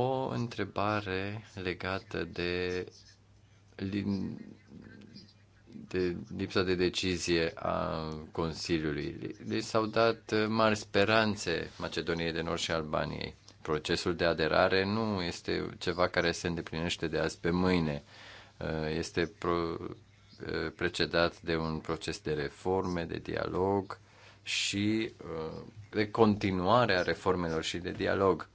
o întrebare legată de, de lipsa de decizie a Consiliului. Li s-au dat mari speranțe Macedoniei de Nord și Albaniei. Procesul de aderare nu este ceva care se îndeplinește de azi pe mâine. Uh, este pro, uh, precedat de un proces de reforme, de dialog și uh, de continuare a reformelor și de dialog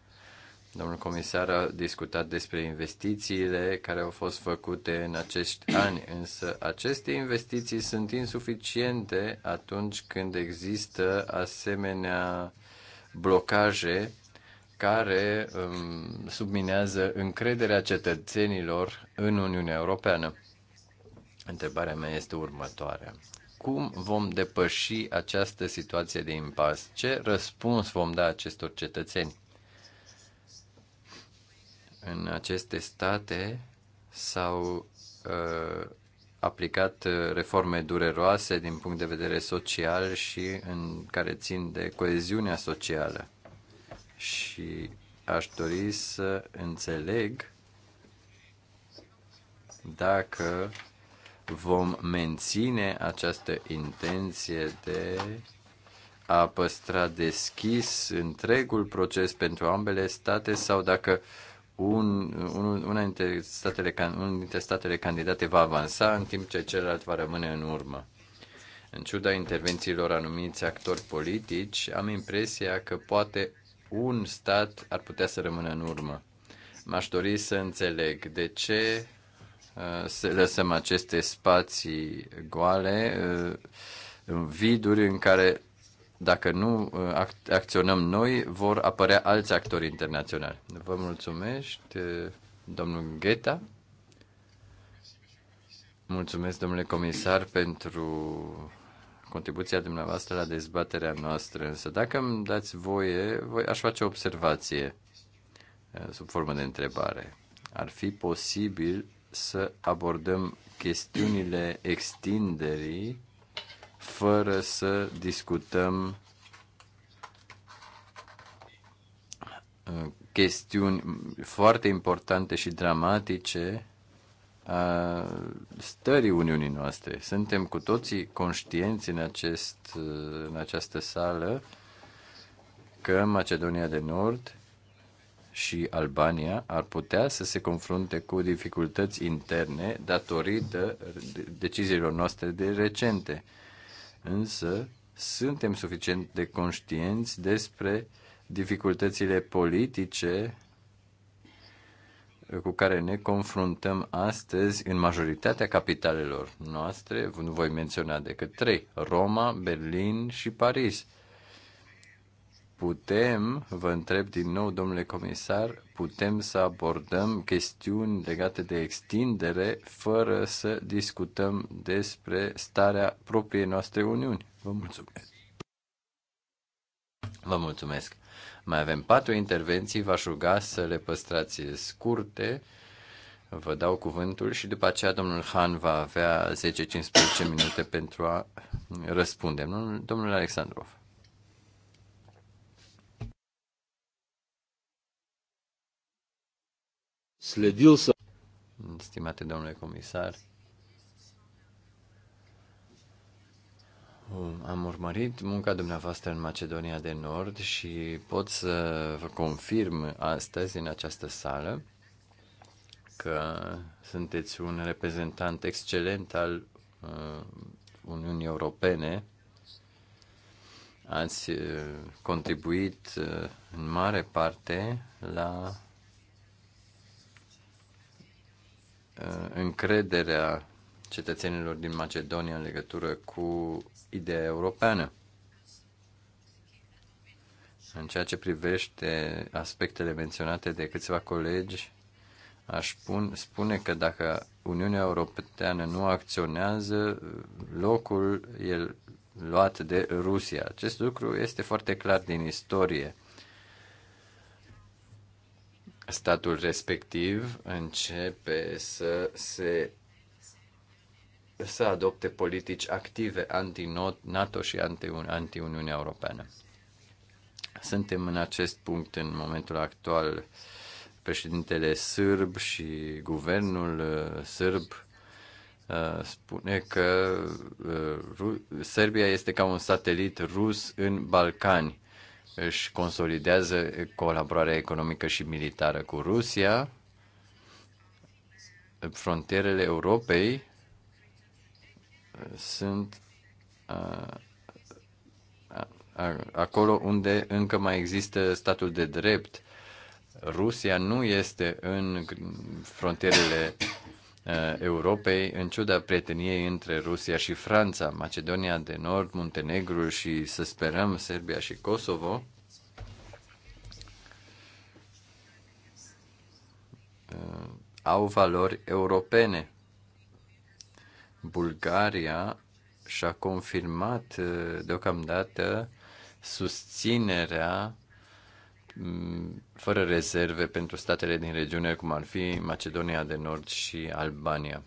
Domnul comisar a discutat despre investițiile care au fost făcute în acești ani, însă aceste investiții sunt insuficiente atunci când există asemenea blocaje care um, subminează încrederea cetățenilor în Uniunea Europeană. Întrebarea mea este următoarea. Cum vom depăși această situație de impas? Ce răspuns vom da acestor cetățeni? în aceste state s-au uh, aplicat uh, reforme dureroase din punct de vedere social și în care țin de coeziunea socială. Și aș dori să înțeleg dacă vom menține această intenție de a păstra deschis întregul proces pentru ambele state sau dacă uh, un, unul, una dintre statele, unul dintre statele candidate va avansa, în timp ce celălalt va rămâne în urmă. În ciuda intervențiilor anumiți actori politici, am impresia că poate un stat ar putea să rămână în urmă. M-aș dori să înțeleg de ce uh, să lăsăm aceste spații goale, uh, viduri în care dacă nu uh, acționăm noi, vor apărea alți actori internaționali. Vă mulțumesc, uh, domnul Gheta. Mulțumesc, domnule comisar, pentru contribuția dumneavoastră la dezbaterea noastră. Însă, dacă îmi dați voie, voi, aș face o observație uh, sub formă de întrebare. Ar fi posibil să abordăm chestiunile extinderii fără să discutăm uh, chestiuni foarte importante și dramatice a uh, stării Uniunii noastre. Suntem cu toții conștienți în, acest, uh, în această sală că Macedonia de Nord și Albania ar putea să se confrunte cu dificultăți interne datorită deciziilor noastre de recente însă suntem suficient de conștienți despre dificultățile politice cu care ne confruntăm astăzi în majoritatea capitalelor noastre, nu voi menționa decât trei, Roma, Berlin și Paris – putem, vă întreb din nou, domnule comisar, putem să abordăm chestiuni legate de extindere fără să discutăm despre starea propriei noastre Uniuni? Vă mulțumesc. Vă mulțumesc. Mai avem patru intervenții, v-aș ruga să le păstrați scurte. Vă dau cuvântul și după aceea domnul Han va avea 10-15 minute pentru a răspunde. Domnul Alexandrov. Sledil să... Stimate domnule comisar, um, Am urmărit munca dumneavoastră în Macedonia de Nord și pot să vă confirm astăzi în această sală că sunteți un reprezentant excelent al uh, Uniunii Europene. Ați uh, contribuit uh, în mare parte la Uh, încrederea cetățenilor din Macedonia în legătură cu ideea europeană. În ceea ce privește aspectele menționate de câțiva colegi, aș pun, spune că dacă Uniunea Europeană nu acționează, locul e luat de Rusia. Acest lucru este foarte clar din istorie statul respectiv începe să se să adopte politici active anti-NATO și anti-Uniunea Europeană. Suntem în acest punct în momentul actual. Președintele sârb și guvernul uh, sârb uh, spune că uh, Serbia este ca un satelit rus în Balcani își consolidează colaborarea economică și militară cu Rusia, frontierele Europei uh, sunt uh, a, a, acolo unde încă mai există statul de drept. Rusia nu este în frontierele Uh, Europei, în ciuda prieteniei între Rusia și Franța, Macedonia de Nord, Muntenegru și, să sperăm, Serbia și Kosovo, uh, au valori europene. Bulgaria și-a confirmat uh, deocamdată susținerea fără rezerve pentru statele din regiune, cum ar fi Macedonia de Nord și Albania.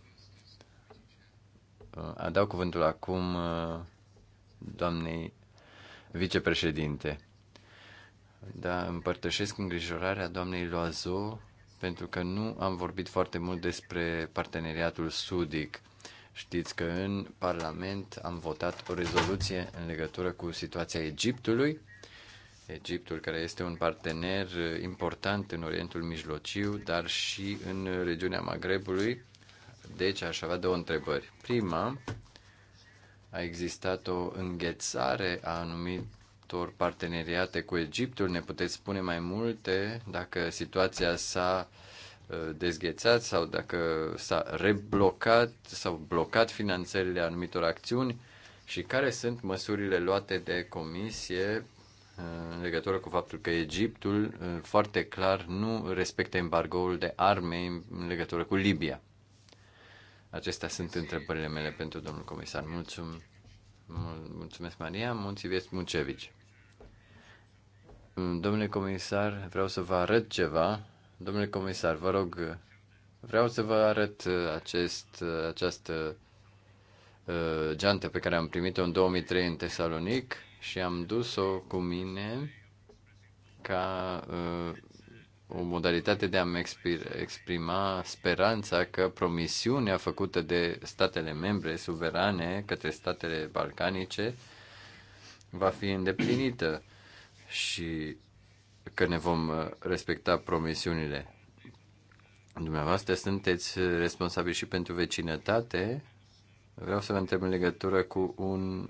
Uh, Adau cuvântul acum uh, doamnei vicepreședinte. Da, împărtășesc îngrijorarea doamnei Loazo pentru că nu am vorbit foarte mult despre parteneriatul sudic. Știți că în Parlament am votat o rezoluție în legătură cu situația Egiptului Egiptul, care este un partener important în Orientul Mijlociu, dar și în regiunea Magrebului. Deci aș avea două întrebări. Prima, a existat o înghețare a anumitor parteneriate cu Egiptul. Ne puteți spune mai multe dacă situația s-a uh, dezghețat sau dacă s-a reblocat sau blocat finanțările anumitor acțiuni și care sunt măsurile luate de comisie Uh, în legătură cu faptul că Egiptul uh, foarte clar nu respectă embargoul de arme în legătură cu Libia. Acestea sunt întrebările mele pentru domnul comisar. Mulțum, mulțumesc, Maria. Mulțumesc, Muncevici. Mm, domnule comisar, vreau să vă arăt ceva. Domnule comisar, vă rog, vreau să vă arăt uh, acest, această uh, geantă pe care am primit-o în 2003 în Tesalonic și am dus-o cu mine ca uh, o modalitate de a-mi exprima speranța că promisiunea făcută de statele membre suverane către statele balcanice va fi îndeplinită și că ne vom uh, respecta promisiunile. Dumneavoastră sunteți responsabili și pentru vecinătate. Vreau să vă întreb în legătură cu un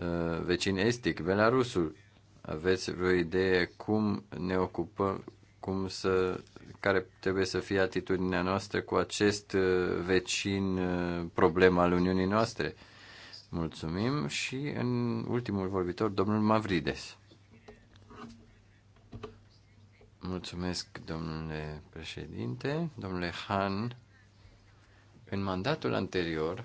Uh, vecin estic, Belarusul. Aveți vreo idee cum ne ocupăm, cum să, care trebuie să fie atitudinea noastră cu acest uh, vecin uh, problem al Uniunii noastre? Mulțumim și în ultimul vorbitor, domnul Mavrides. Mulțumesc, domnule președinte, domnule Han. În mandatul anterior,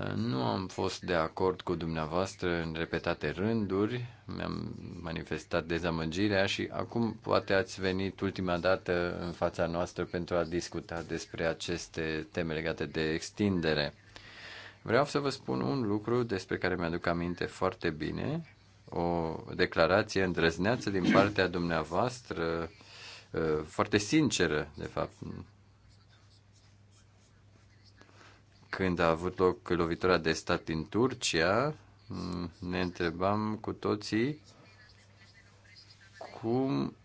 Uh, nu am fost de acord cu dumneavoastră în repetate rânduri, mi-am manifestat dezamăgirea și acum poate ați venit ultima dată în fața noastră pentru a discuta despre aceste teme legate de extindere. Vreau să vă spun un lucru despre care mi-aduc aminte foarte bine, o declarație îndrăzneață din partea dumneavoastră, uh, foarte sinceră, de fapt, Când a avut loc lovitura de stat din Turcia, ne întrebam cu toții cum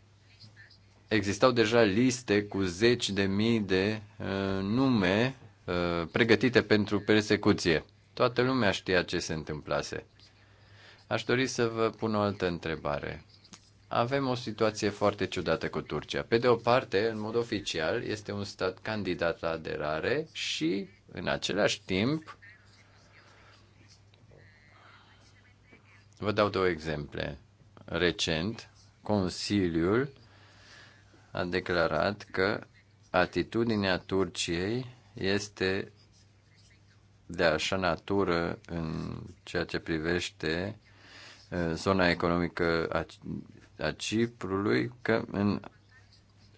existau deja liste cu zeci de mii de uh, nume uh, pregătite pentru persecuție. Toată lumea știa ce se întâmplase. Aș dori să vă pun o altă întrebare avem o situație foarte ciudată cu Turcia. Pe de o parte, în mod oficial, este un stat candidat la aderare și, în același timp, vă dau două exemple. Recent, Consiliul a declarat că atitudinea Turciei este de așa natură în ceea ce privește uh, zona economică a Ciprului că în,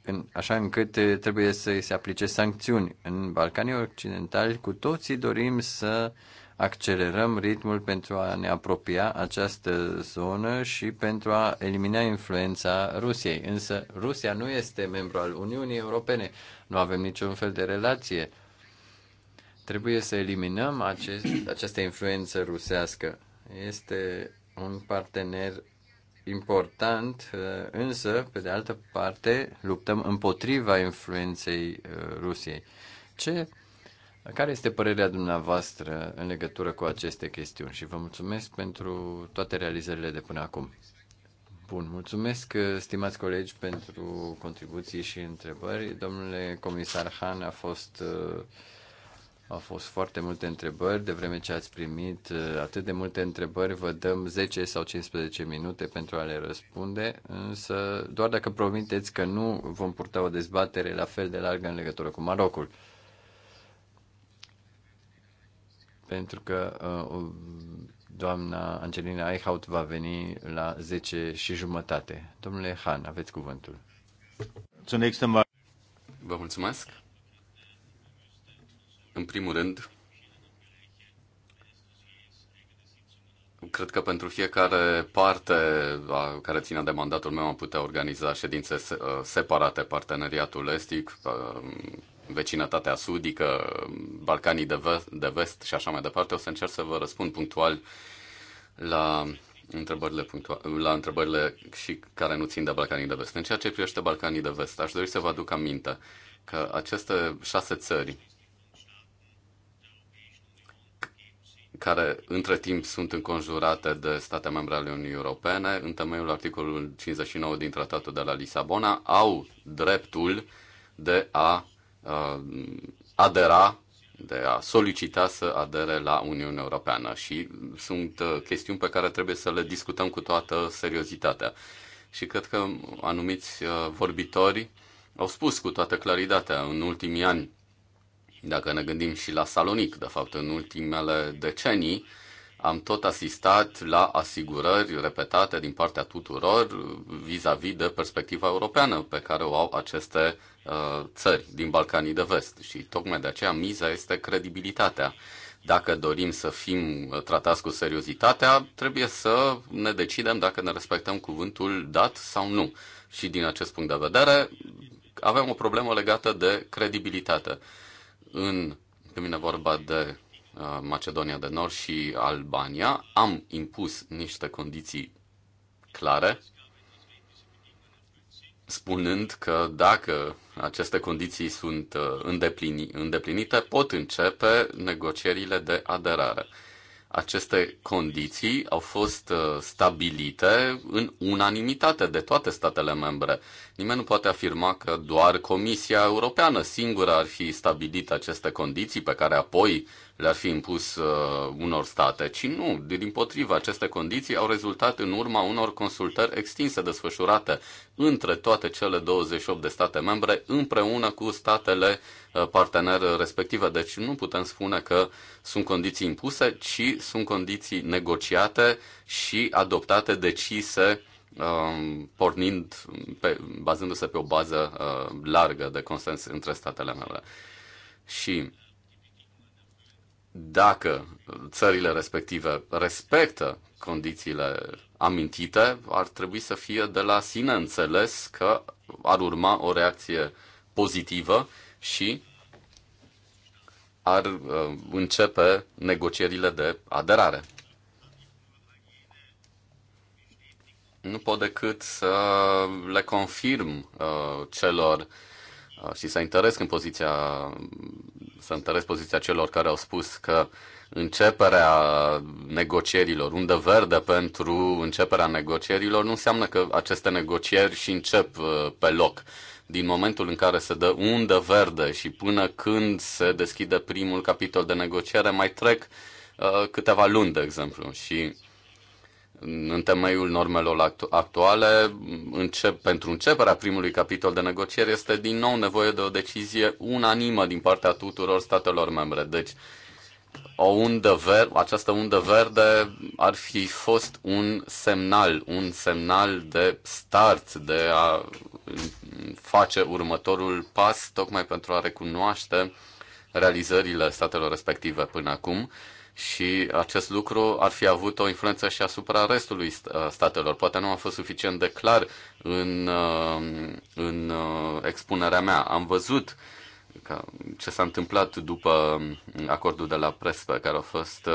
în, așa încât trebuie să se aplice sancțiuni. În Balcanii Occidentali cu toții dorim să accelerăm ritmul pentru a ne apropia această zonă și pentru a elimina influența Rusiei. Însă Rusia nu este membru al Uniunii Europene, nu avem niciun fel de relație. Trebuie să eliminăm acest, această influență rusească. Este un partener important, uh, însă, pe de altă parte, luptăm împotriva influenței uh, Rusiei. Ce, care este părerea dumneavoastră în legătură cu aceste chestiuni? Și vă mulțumesc pentru toate realizările de până acum. Bun, mulțumesc, uh, stimați colegi, pentru contribuții și întrebări. Domnule comisar Han a fost uh, au fost foarte multe întrebări, de vreme ce ați primit uh, atât de multe întrebări, vă dăm 10 sau 15 minute pentru a le răspunde, însă doar dacă promiteți că nu vom purta o dezbatere la fel de largă în legătură cu Marocul. Pentru că uh, um, doamna Angelina Eichhout va veni la 10 și jumătate. Domnule Han, aveți cuvântul. Vă mulțumesc. În primul rând, Cred că pentru fiecare parte a, care ține de mandatul meu am putea organiza ședințe uh, separate, parteneriatul estic, uh, vecinătatea sudică, Balcanii de vest, de vest și așa mai departe. O să încerc să vă răspund punctual la întrebările, punctual, la întrebările și care nu țin de Balcanii de vest. În ceea ce privește Balcanii de vest, aș dori să vă aduc aminte că aceste șase țări care între timp sunt înconjurate de state membre ale Uniunii Europene, în temeiul articolului 59 din Tratatul de la Lisabona, au dreptul de a uh, adera, de a solicita să adere la Uniunea Europeană și sunt chestiuni pe care trebuie să le discutăm cu toată seriozitatea. Și cred că anumiți vorbitori au spus cu toată claritatea în ultimii ani dacă ne gândim și la Salonic, de fapt, în ultimele decenii, am tot asistat la asigurări repetate din partea tuturor vis-a-vis -vis de perspectiva europeană pe care o au aceste uh, țări din Balcanii de Vest. Și tocmai de aceea miza este credibilitatea. Dacă dorim să fim uh, tratați cu seriozitatea, trebuie să ne decidem dacă ne respectăm cuvântul dat sau nu. Și din acest punct de vedere, avem o problemă legată de credibilitate în, când vine vorba de uh, Macedonia de Nord și Albania, am impus niște condiții clare, spunând că dacă aceste condiții sunt uh, îndeplini, îndeplinite, pot începe negocierile de aderare. Aceste condiții au fost uh, stabilite în unanimitate de toate statele membre. Nimeni nu poate afirma că doar Comisia Europeană singură ar fi stabilit aceste condiții pe care apoi le-ar fi impus uh, unor state, ci nu, din potrivă, aceste condiții au rezultat în urma unor consultări extinse desfășurate între toate cele 28 de state membre, împreună cu statele uh, partener respective. Deci nu putem spune că sunt condiții impuse, ci sunt condiții negociate și adoptate, decise, uh, pornind, pe, bazându-se pe o bază uh, largă de consens între statele membre. Și dacă țările respective respectă condițiile amintite, ar trebui să fie de la sine înțeles că ar urma o reacție pozitivă și ar uh, începe negocierile de aderare. Nu pot decât să le confirm uh, celor Ah, și să întăresc în poziția, să întăresc poziția celor care au spus că începerea negocierilor, undă verde pentru începerea negocierilor, nu înseamnă că aceste negocieri și încep uh, pe loc. Din momentul în care se dă undă verde și până când se deschide primul capitol de negociere, mai trec uh, câteva luni, de exemplu. Și în temeiul normelor actuale, încep, pentru începerea primului capitol de negociere este din nou nevoie de o decizie unanimă din partea tuturor statelor membre. Deci, o undă ver, această undă verde ar fi fost un semnal, un semnal de start, de a face următorul pas, tocmai pentru a recunoaște realizările statelor respective până acum și acest lucru ar fi avut o influență și asupra restului uh, statelor. Poate nu a fost suficient de clar în, uh, în uh, expunerea mea. Am văzut ce s-a întâmplat după acordul de la Prespa, care au fost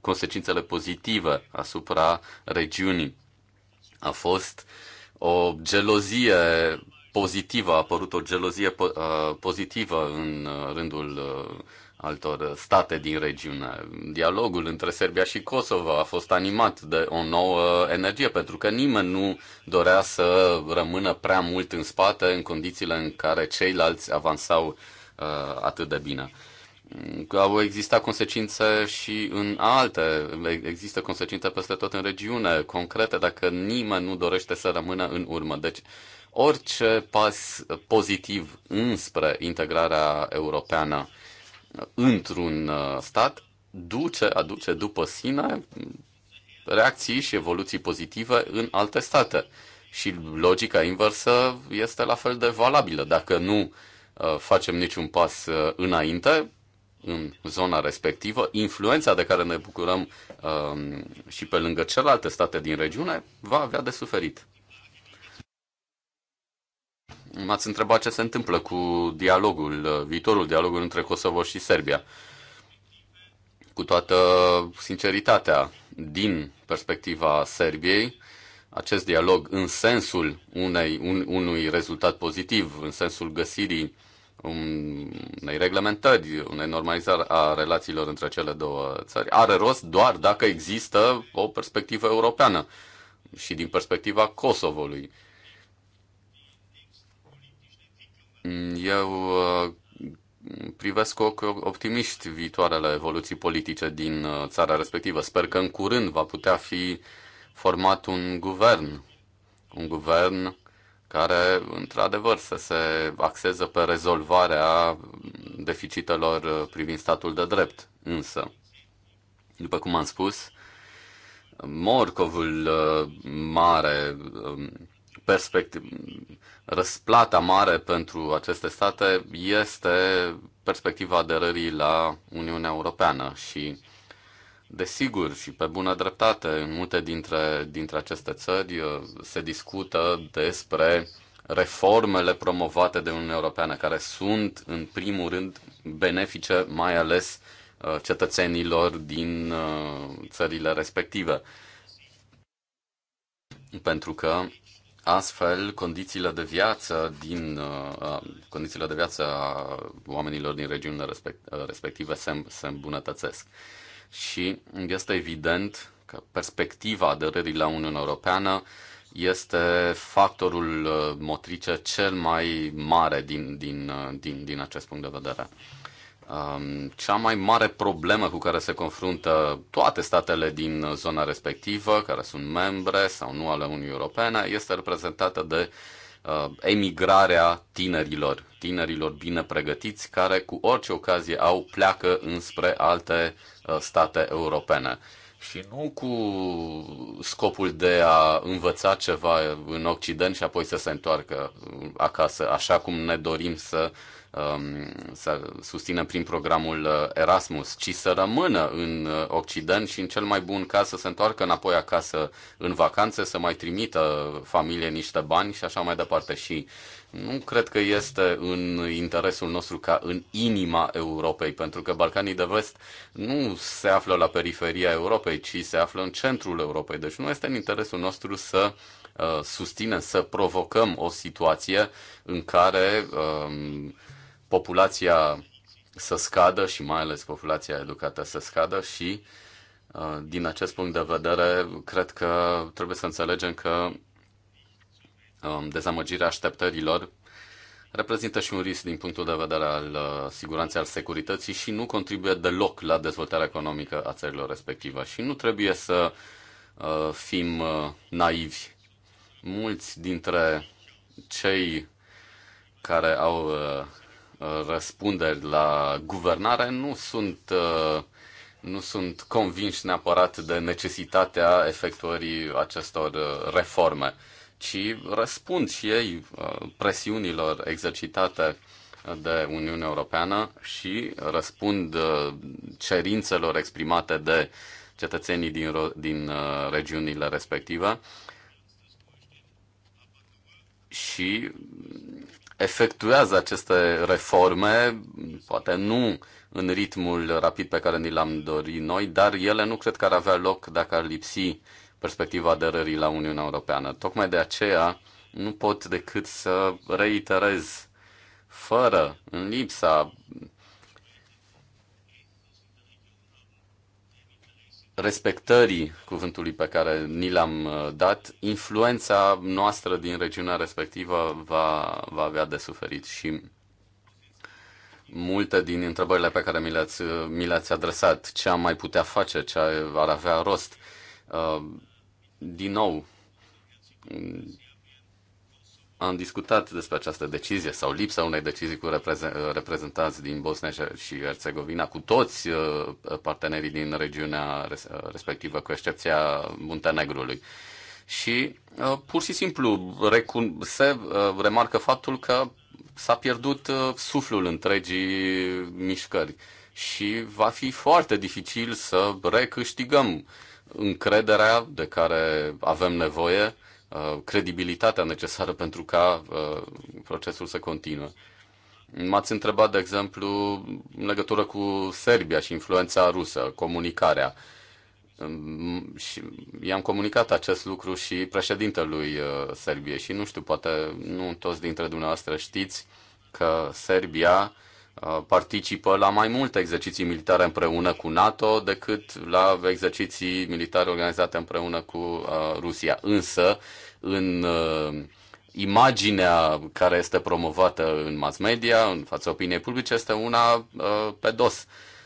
consecințele pozitive asupra regiunii. A fost o gelozie pozitivă, a apărut o gelozie pozitivă în rândul altor state din regiune. Dialogul între Serbia și Kosovo a fost animat de o nouă energie, pentru că nimeni nu dorea să rămână prea mult în spate în condițiile în care ceilalți avansau uh, atât de bine. Au existat consecințe și în alte, există consecințe peste tot în regiune, concrete, dacă nimeni nu dorește să rămână în urmă. Deci, orice pas pozitiv înspre integrarea europeană într-un uh, stat duce, aduce după sine reacții și evoluții pozitive în alte state. Și logica inversă este la fel de valabilă. Dacă nu uh, facem niciun pas uh, înainte în zona respectivă, influența de care ne bucurăm um, și pe lângă celelalte state din regiune va avea de suferit m-ați întrebat ce se întâmplă cu dialogul, viitorul dialogul între Kosovo și Serbia. Cu toată sinceritatea, din perspectiva Serbiei, acest dialog în sensul unei, un, unui rezultat pozitiv, în sensul găsirii unei reglementări, unei normalizări a relațiilor între cele două țări, are rost doar dacă există o perspectivă europeană și din perspectiva Kosovului. Eu uh, privesc cu ochi optimiști viitoarele evoluții politice din uh, țara respectivă. Sper că în curând va putea fi format un guvern, un guvern care, într-adevăr, să se axeze pe rezolvarea deficitelor uh, privind statul de drept. Însă, după cum am spus, morcovul mare um, răsplata mare pentru aceste state este perspectiva aderării la Uniunea Europeană și Desigur și pe bună dreptate, în multe dintre, dintre aceste țări uh, se discută despre reformele promovate de Uniunea Europeană, care sunt, în primul rând, benefice mai ales uh, cetățenilor din uh, țările respective. Pentru că Astfel, condițiile de viață din uh, condițiile de viață a oamenilor din regiunile respect, uh, respective se, se îmbunătățesc. Și este evident că perspectiva aderării la Uniunea Europeană este factorul uh, motrice cel mai mare din, din, uh, din, din acest punct de vedere cea mai mare problemă cu care se confruntă toate statele din zona respectivă, care sunt membre sau nu ale Uniunii Europene, este reprezentată de uh, emigrarea tinerilor, tinerilor bine pregătiți, care cu orice ocazie au pleacă înspre alte uh, state europene. Și nu cu scopul de a învăța ceva în Occident și apoi să se întoarcă acasă, așa cum ne dorim să uh, Um, să susțină prin programul uh, Erasmus, ci să rămână în uh, Occident și în cel mai bun caz să se întoarcă înapoi acasă în vacanțe, să mai trimită familie niște bani și așa mai departe. Și nu cred că este în interesul nostru ca în inima Europei, pentru că Balcanii de Vest nu se află la periferia Europei, ci se află în centrul Europei. Deci nu este în interesul nostru să uh, susținem, să provocăm o situație în care um, populația să scadă și mai ales populația educată să scadă și uh, din acest punct de vedere, cred că trebuie să înțelegem că um, dezamăgirea așteptărilor reprezintă și un risc din punctul de vedere al uh, siguranței, al securității și nu contribuie deloc la dezvoltarea economică a țărilor respective. Și nu trebuie să uh, fim naivi. Mulți dintre cei care au răspunderi la guvernare, nu sunt, uh, nu sunt convinși neapărat de necesitatea efectuării acestor uh, reforme, ci răspund și ei uh, presiunilor exercitate de Uniunea Europeană și răspund cerințelor exprimate de cetățenii din, din regiunile respective și efectuează aceste reforme, poate nu în ritmul rapid pe care ni l-am dorit noi, dar ele nu cred că ar avea loc dacă ar lipsi perspectiva aderării la Uniunea Europeană. Tocmai de aceea nu pot decât să reiterez, fără, în lipsa respectării cuvântului pe care ni l-am uh, dat, influența noastră din regiunea respectivă va, va avea de suferit și multe din întrebările pe care mi le-ați, uh, mi le-ați adresat, ce am mai putea face, ce ar avea rost, uh, din nou, am discutat despre această decizie sau lipsa unei decizii cu reprezentanți din Bosnia și Herțegovina, cu toți uh, partenerii din regiunea respectivă, cu excepția Muntenegrului. Și uh, pur și simplu se uh, remarcă faptul că s-a pierdut suflul întregii mișcări și va fi foarte dificil să recâștigăm încrederea de care avem nevoie Uh, credibilitatea necesară pentru ca uh, procesul să continue. M-ați întrebat, de exemplu, în legătură cu Serbia și influența rusă, comunicarea. Um, și i-am comunicat acest lucru și președintelui uh, Serbiei și nu știu, poate nu toți dintre dumneavoastră știți că Serbia Uh, participă la mai multe exerciții militare împreună cu NATO decât la exerciții militare organizate împreună cu uh, Rusia. Însă, în uh, imaginea care este promovată în mass media, în fața opiniei publice, este una pe dos.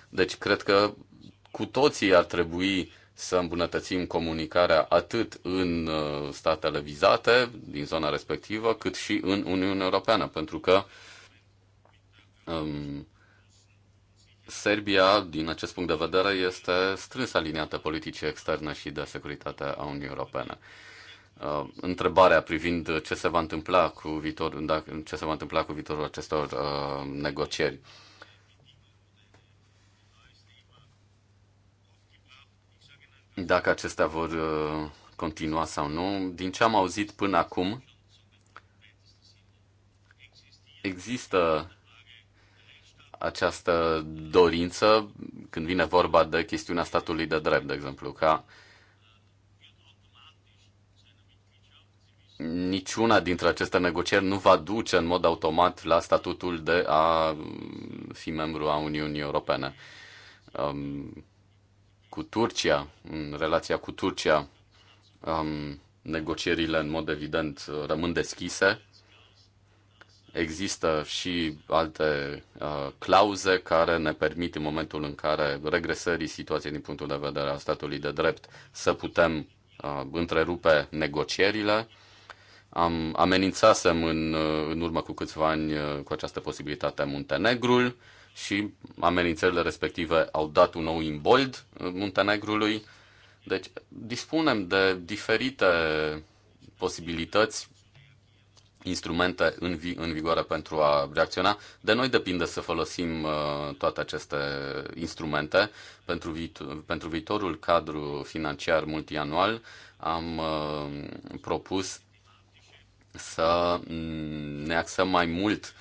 Deci, cred că cu toții ar trebui să îmbunătățim comunicarea atât în statele vizate, din zona respectivă, cât și în Uniunea Europeană, pentru că uh, um, Serbia, din acest punct de vedere, este strâns aliniată politicii externe și de securitate a Uniunii Europene. Uh, întrebarea privind ce se va întâmpla cu viitorul, dacă, ce se va întâmpla cu viitorul acestor uh, negocieri. Dacă acestea vor uh, continua sau nu, din ce am auzit până acum, există această dorință când vine vorba de chestiunea statului de drept, de exemplu, ca niciuna dintre aceste negocieri nu va duce în mod automat la statutul de a fi membru a Uniunii Europene. Um, cu Turcia, în relația cu Turcia, um, negocierile în mod evident rămân deschise Există și alte uh, clauze care ne permit în momentul în care regresării situației din punctul de vedere al statului de drept să putem uh, întrerupe negocierile. Am amenințasem în, uh, în urmă cu câțiva ani uh, cu această posibilitate Muntenegrul și amenințările respective au dat un nou imbold uh, Muntenegrului. Deci dispunem de diferite posibilități instrumente în, vi- în vigoare pentru a reacționa. De noi depinde să folosim uh, toate aceste instrumente pentru, viit- pentru viitorul cadru financiar multianual. Am uh, propus să ne axăm mai mult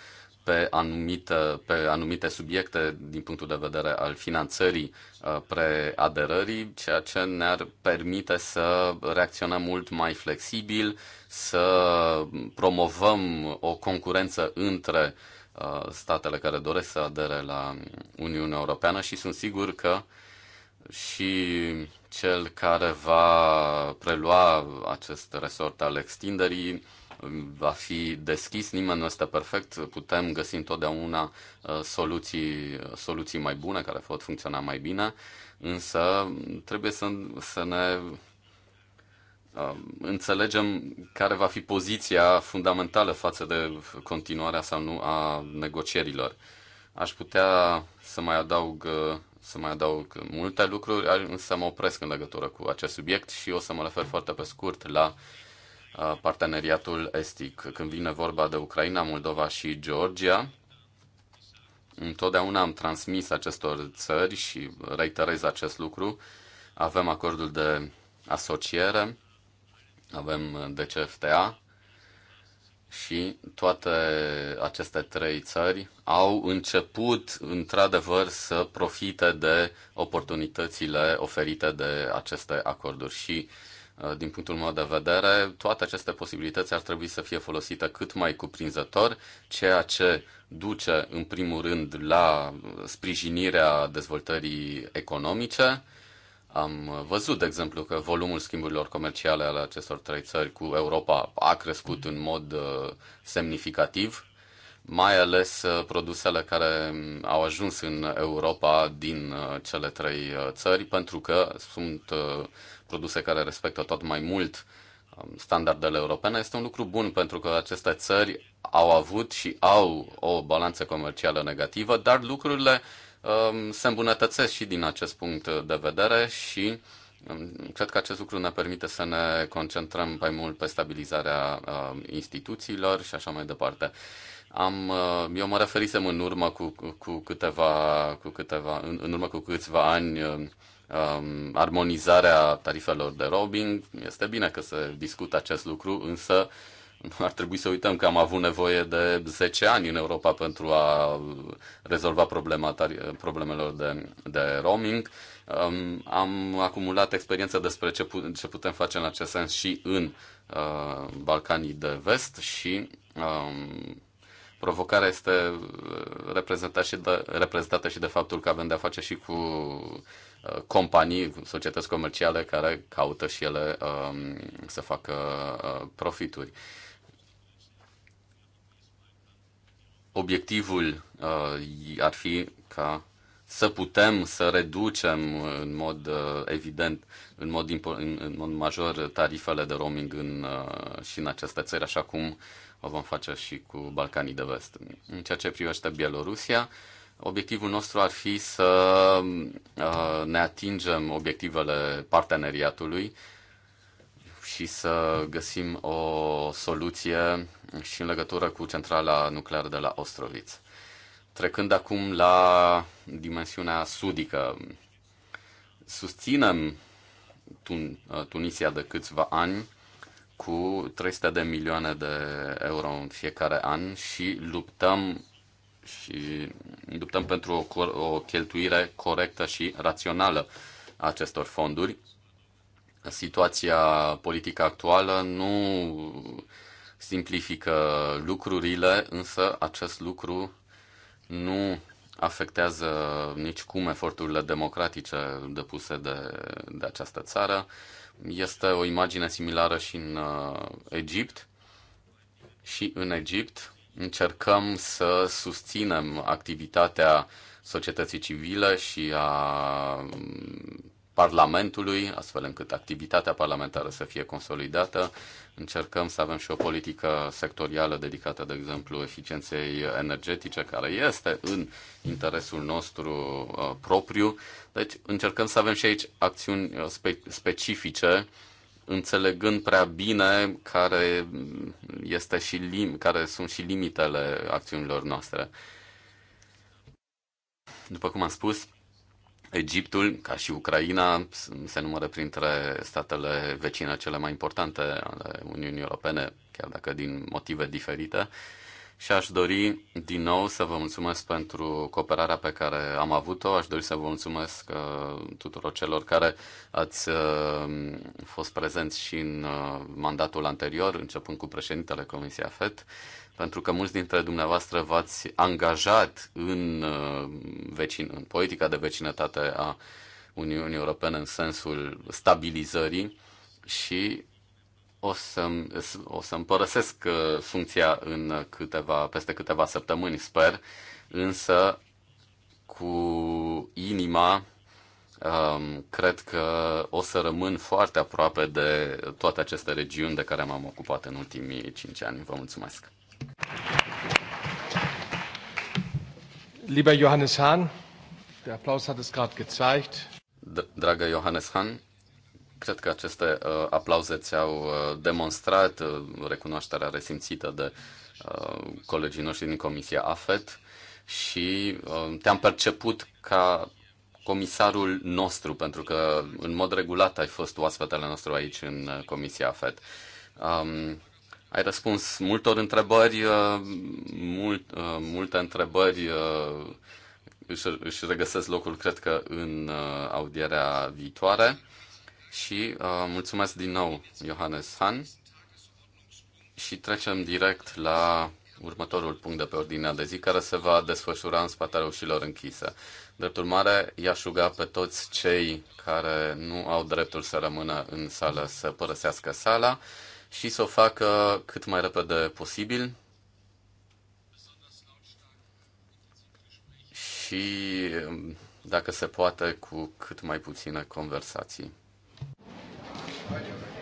pe anumite, pe anumite subiecte din punctul de vedere al finanțării uh, preaderării, ceea ce ne-ar permite să reacționăm mult mai flexibil, să promovăm o concurență între uh, statele care doresc să adere la Uniunea Europeană și sunt sigur că și cel care va prelua acest resort al extinderii va fi deschis, nimeni nu este perfect, putem găsi întotdeauna uh, soluții, soluții mai bune care pot funcționa mai bine, însă trebuie să, să ne uh, înțelegem care va fi poziția fundamentală față de continuarea sau nu a negocierilor. Aș putea să mai adaug uh, să mai adaug multe lucruri, însă mă opresc în legătură cu acest subiect și o să mă refer foarte pe scurt la uh, Uh, parteneriatul estic. Când vine vorba de Ucraina, Moldova și Georgia, întotdeauna am transmis acestor țări și reiterez acest lucru. Avem acordul de asociere, avem uh, DCFTA și toate aceste trei țări au început într-adevăr să profite de oportunitățile oferite de aceste acorduri și uh, Uh, din punctul meu de vedere, toate aceste posibilități ar trebui să fie folosite cât mai cuprinzător, ceea ce duce, în primul rând, la sprijinirea dezvoltării economice. Am văzut, de exemplu, că volumul schimburilor comerciale ale acestor trei țări cu Europa a crescut în mod uh, semnificativ mai ales uh, produsele care mm, au ajuns în Europa din uh, cele trei uh, țări, pentru că sunt produse care respectă tot mai mult um, standardele europene. Este un lucru bun pentru că aceste țări au avut și au o balanță comercială negativă, dar lucrurile um, se îmbunătățesc și din acest punct de vedere și um, Cred că acest lucru ne permite să ne concentrăm mai mult pe stabilizarea instituțiilor și așa mai departe. Am, uh, eu mă referisem în urmă cu, cu, cu câteva, cu câteva în, în urmă cu câțiva ani uh, um, armonizarea tarifelor de roaming. Este bine că se discută acest lucru, însă ar trebui să uităm că am avut nevoie de 10 ani în Europa pentru a rezolva problema tari- problemelor de, de roaming. Um, am acumulat experiență despre ce, ce putem face în acest sens și în uh, Balcanii de Vest și um, Provocarea este uh, reprezentată și, de, reprezentată și de faptul că avem de-a face și cu uh, companii, societăți comerciale care caută și ele um, să facă uh, profituri. Obiectivul uh, ar fi ca să putem să reducem în mod uh, evident, în mod, în, în mod major, tarifele de roaming în, și în aceste țări, așa cum o vom face și cu Balcanii de Vest. În ceea ce privește Bielorusia, obiectivul nostru ar fi să uh, ne atingem obiectivele parteneriatului și să găsim o soluție și în legătură cu centrala nucleară de la Ostroviț. Trecând acum la dimensiunea sudică, susținem Tun- uh, Tunisia de câțiva ani cu 300 de milioane de euro în fiecare an și luptăm și luptăm pentru o, o cheltuire corectă și rațională a acestor fonduri. Situația politică actuală nu simplifică lucrurile, însă acest lucru nu afectează nici cum eforturile democratice depuse de, de această țară. Este o imagine similară și în uh, Egipt. Și în Egipt încercăm să susținem activitatea societății civile și a um, Parlamentului, astfel încât activitatea parlamentară să fie consolidată. Încercăm să avem și o politică sectorială dedicată, de exemplu, eficienței energetice, care este în interesul nostru uh, propriu. Deci încercăm să avem și aici acțiuni uh, spe- specifice înțelegând prea bine care, este și lim- care sunt și limitele acțiunilor noastre. După cum am spus, Egiptul, ca și Ucraina, se numără printre statele vecine cele mai importante ale Uniunii Europene, chiar dacă din motive diferite și aș dori din nou să vă mulțumesc pentru cooperarea pe care am avut-o. Aș dori să vă mulțumesc uh, tuturor celor care ați uh, fost prezenți și în uh, mandatul anterior, începând cu președintele Comisiei AFET, pentru că mulți dintre dumneavoastră v-ați angajat în, vecin, în politica de vecinătate a Uniunii Europene în sensul stabilizării și o să-mi, o să-mi părăsesc uh, funcția în câteva, peste câteva săptămâni, sper, însă cu inima um, cred că o să rămân foarte aproape de toate aceste regiuni de care m-am ocupat în ultimii 5 ani. Vă mulțumesc! Lieber Johannes Hahn, der Applaus hat es gerade gezeigt. Dragă Johannes Hahn, Cred că aceste uh, aplauze ți-au uh, demonstrat uh, recunoașterea resimțită de uh, colegii noștri din Comisia AFET și uh, te-am perceput ca comisarul nostru, pentru că în mod regulat ai fost oaspetele nostru aici în uh, Comisia AFET. Um, ai răspuns multor întrebări, uh, mult, uh, multe întrebări uh, își, își regăsesc locul, cred că, în uh, audierea viitoare. Și uh, mulțumesc din nou, Johannes Han. Și trecem direct la următorul punct de pe ordinea de zi, care se va desfășura în spatele ușilor închise. Drept urmare, i a șuga pe toți cei care nu au dreptul să rămână în sală să părăsească sala și să o facă cât mai repede posibil. Și, um, dacă se poate, cu cât mai puține conversații. Thank you.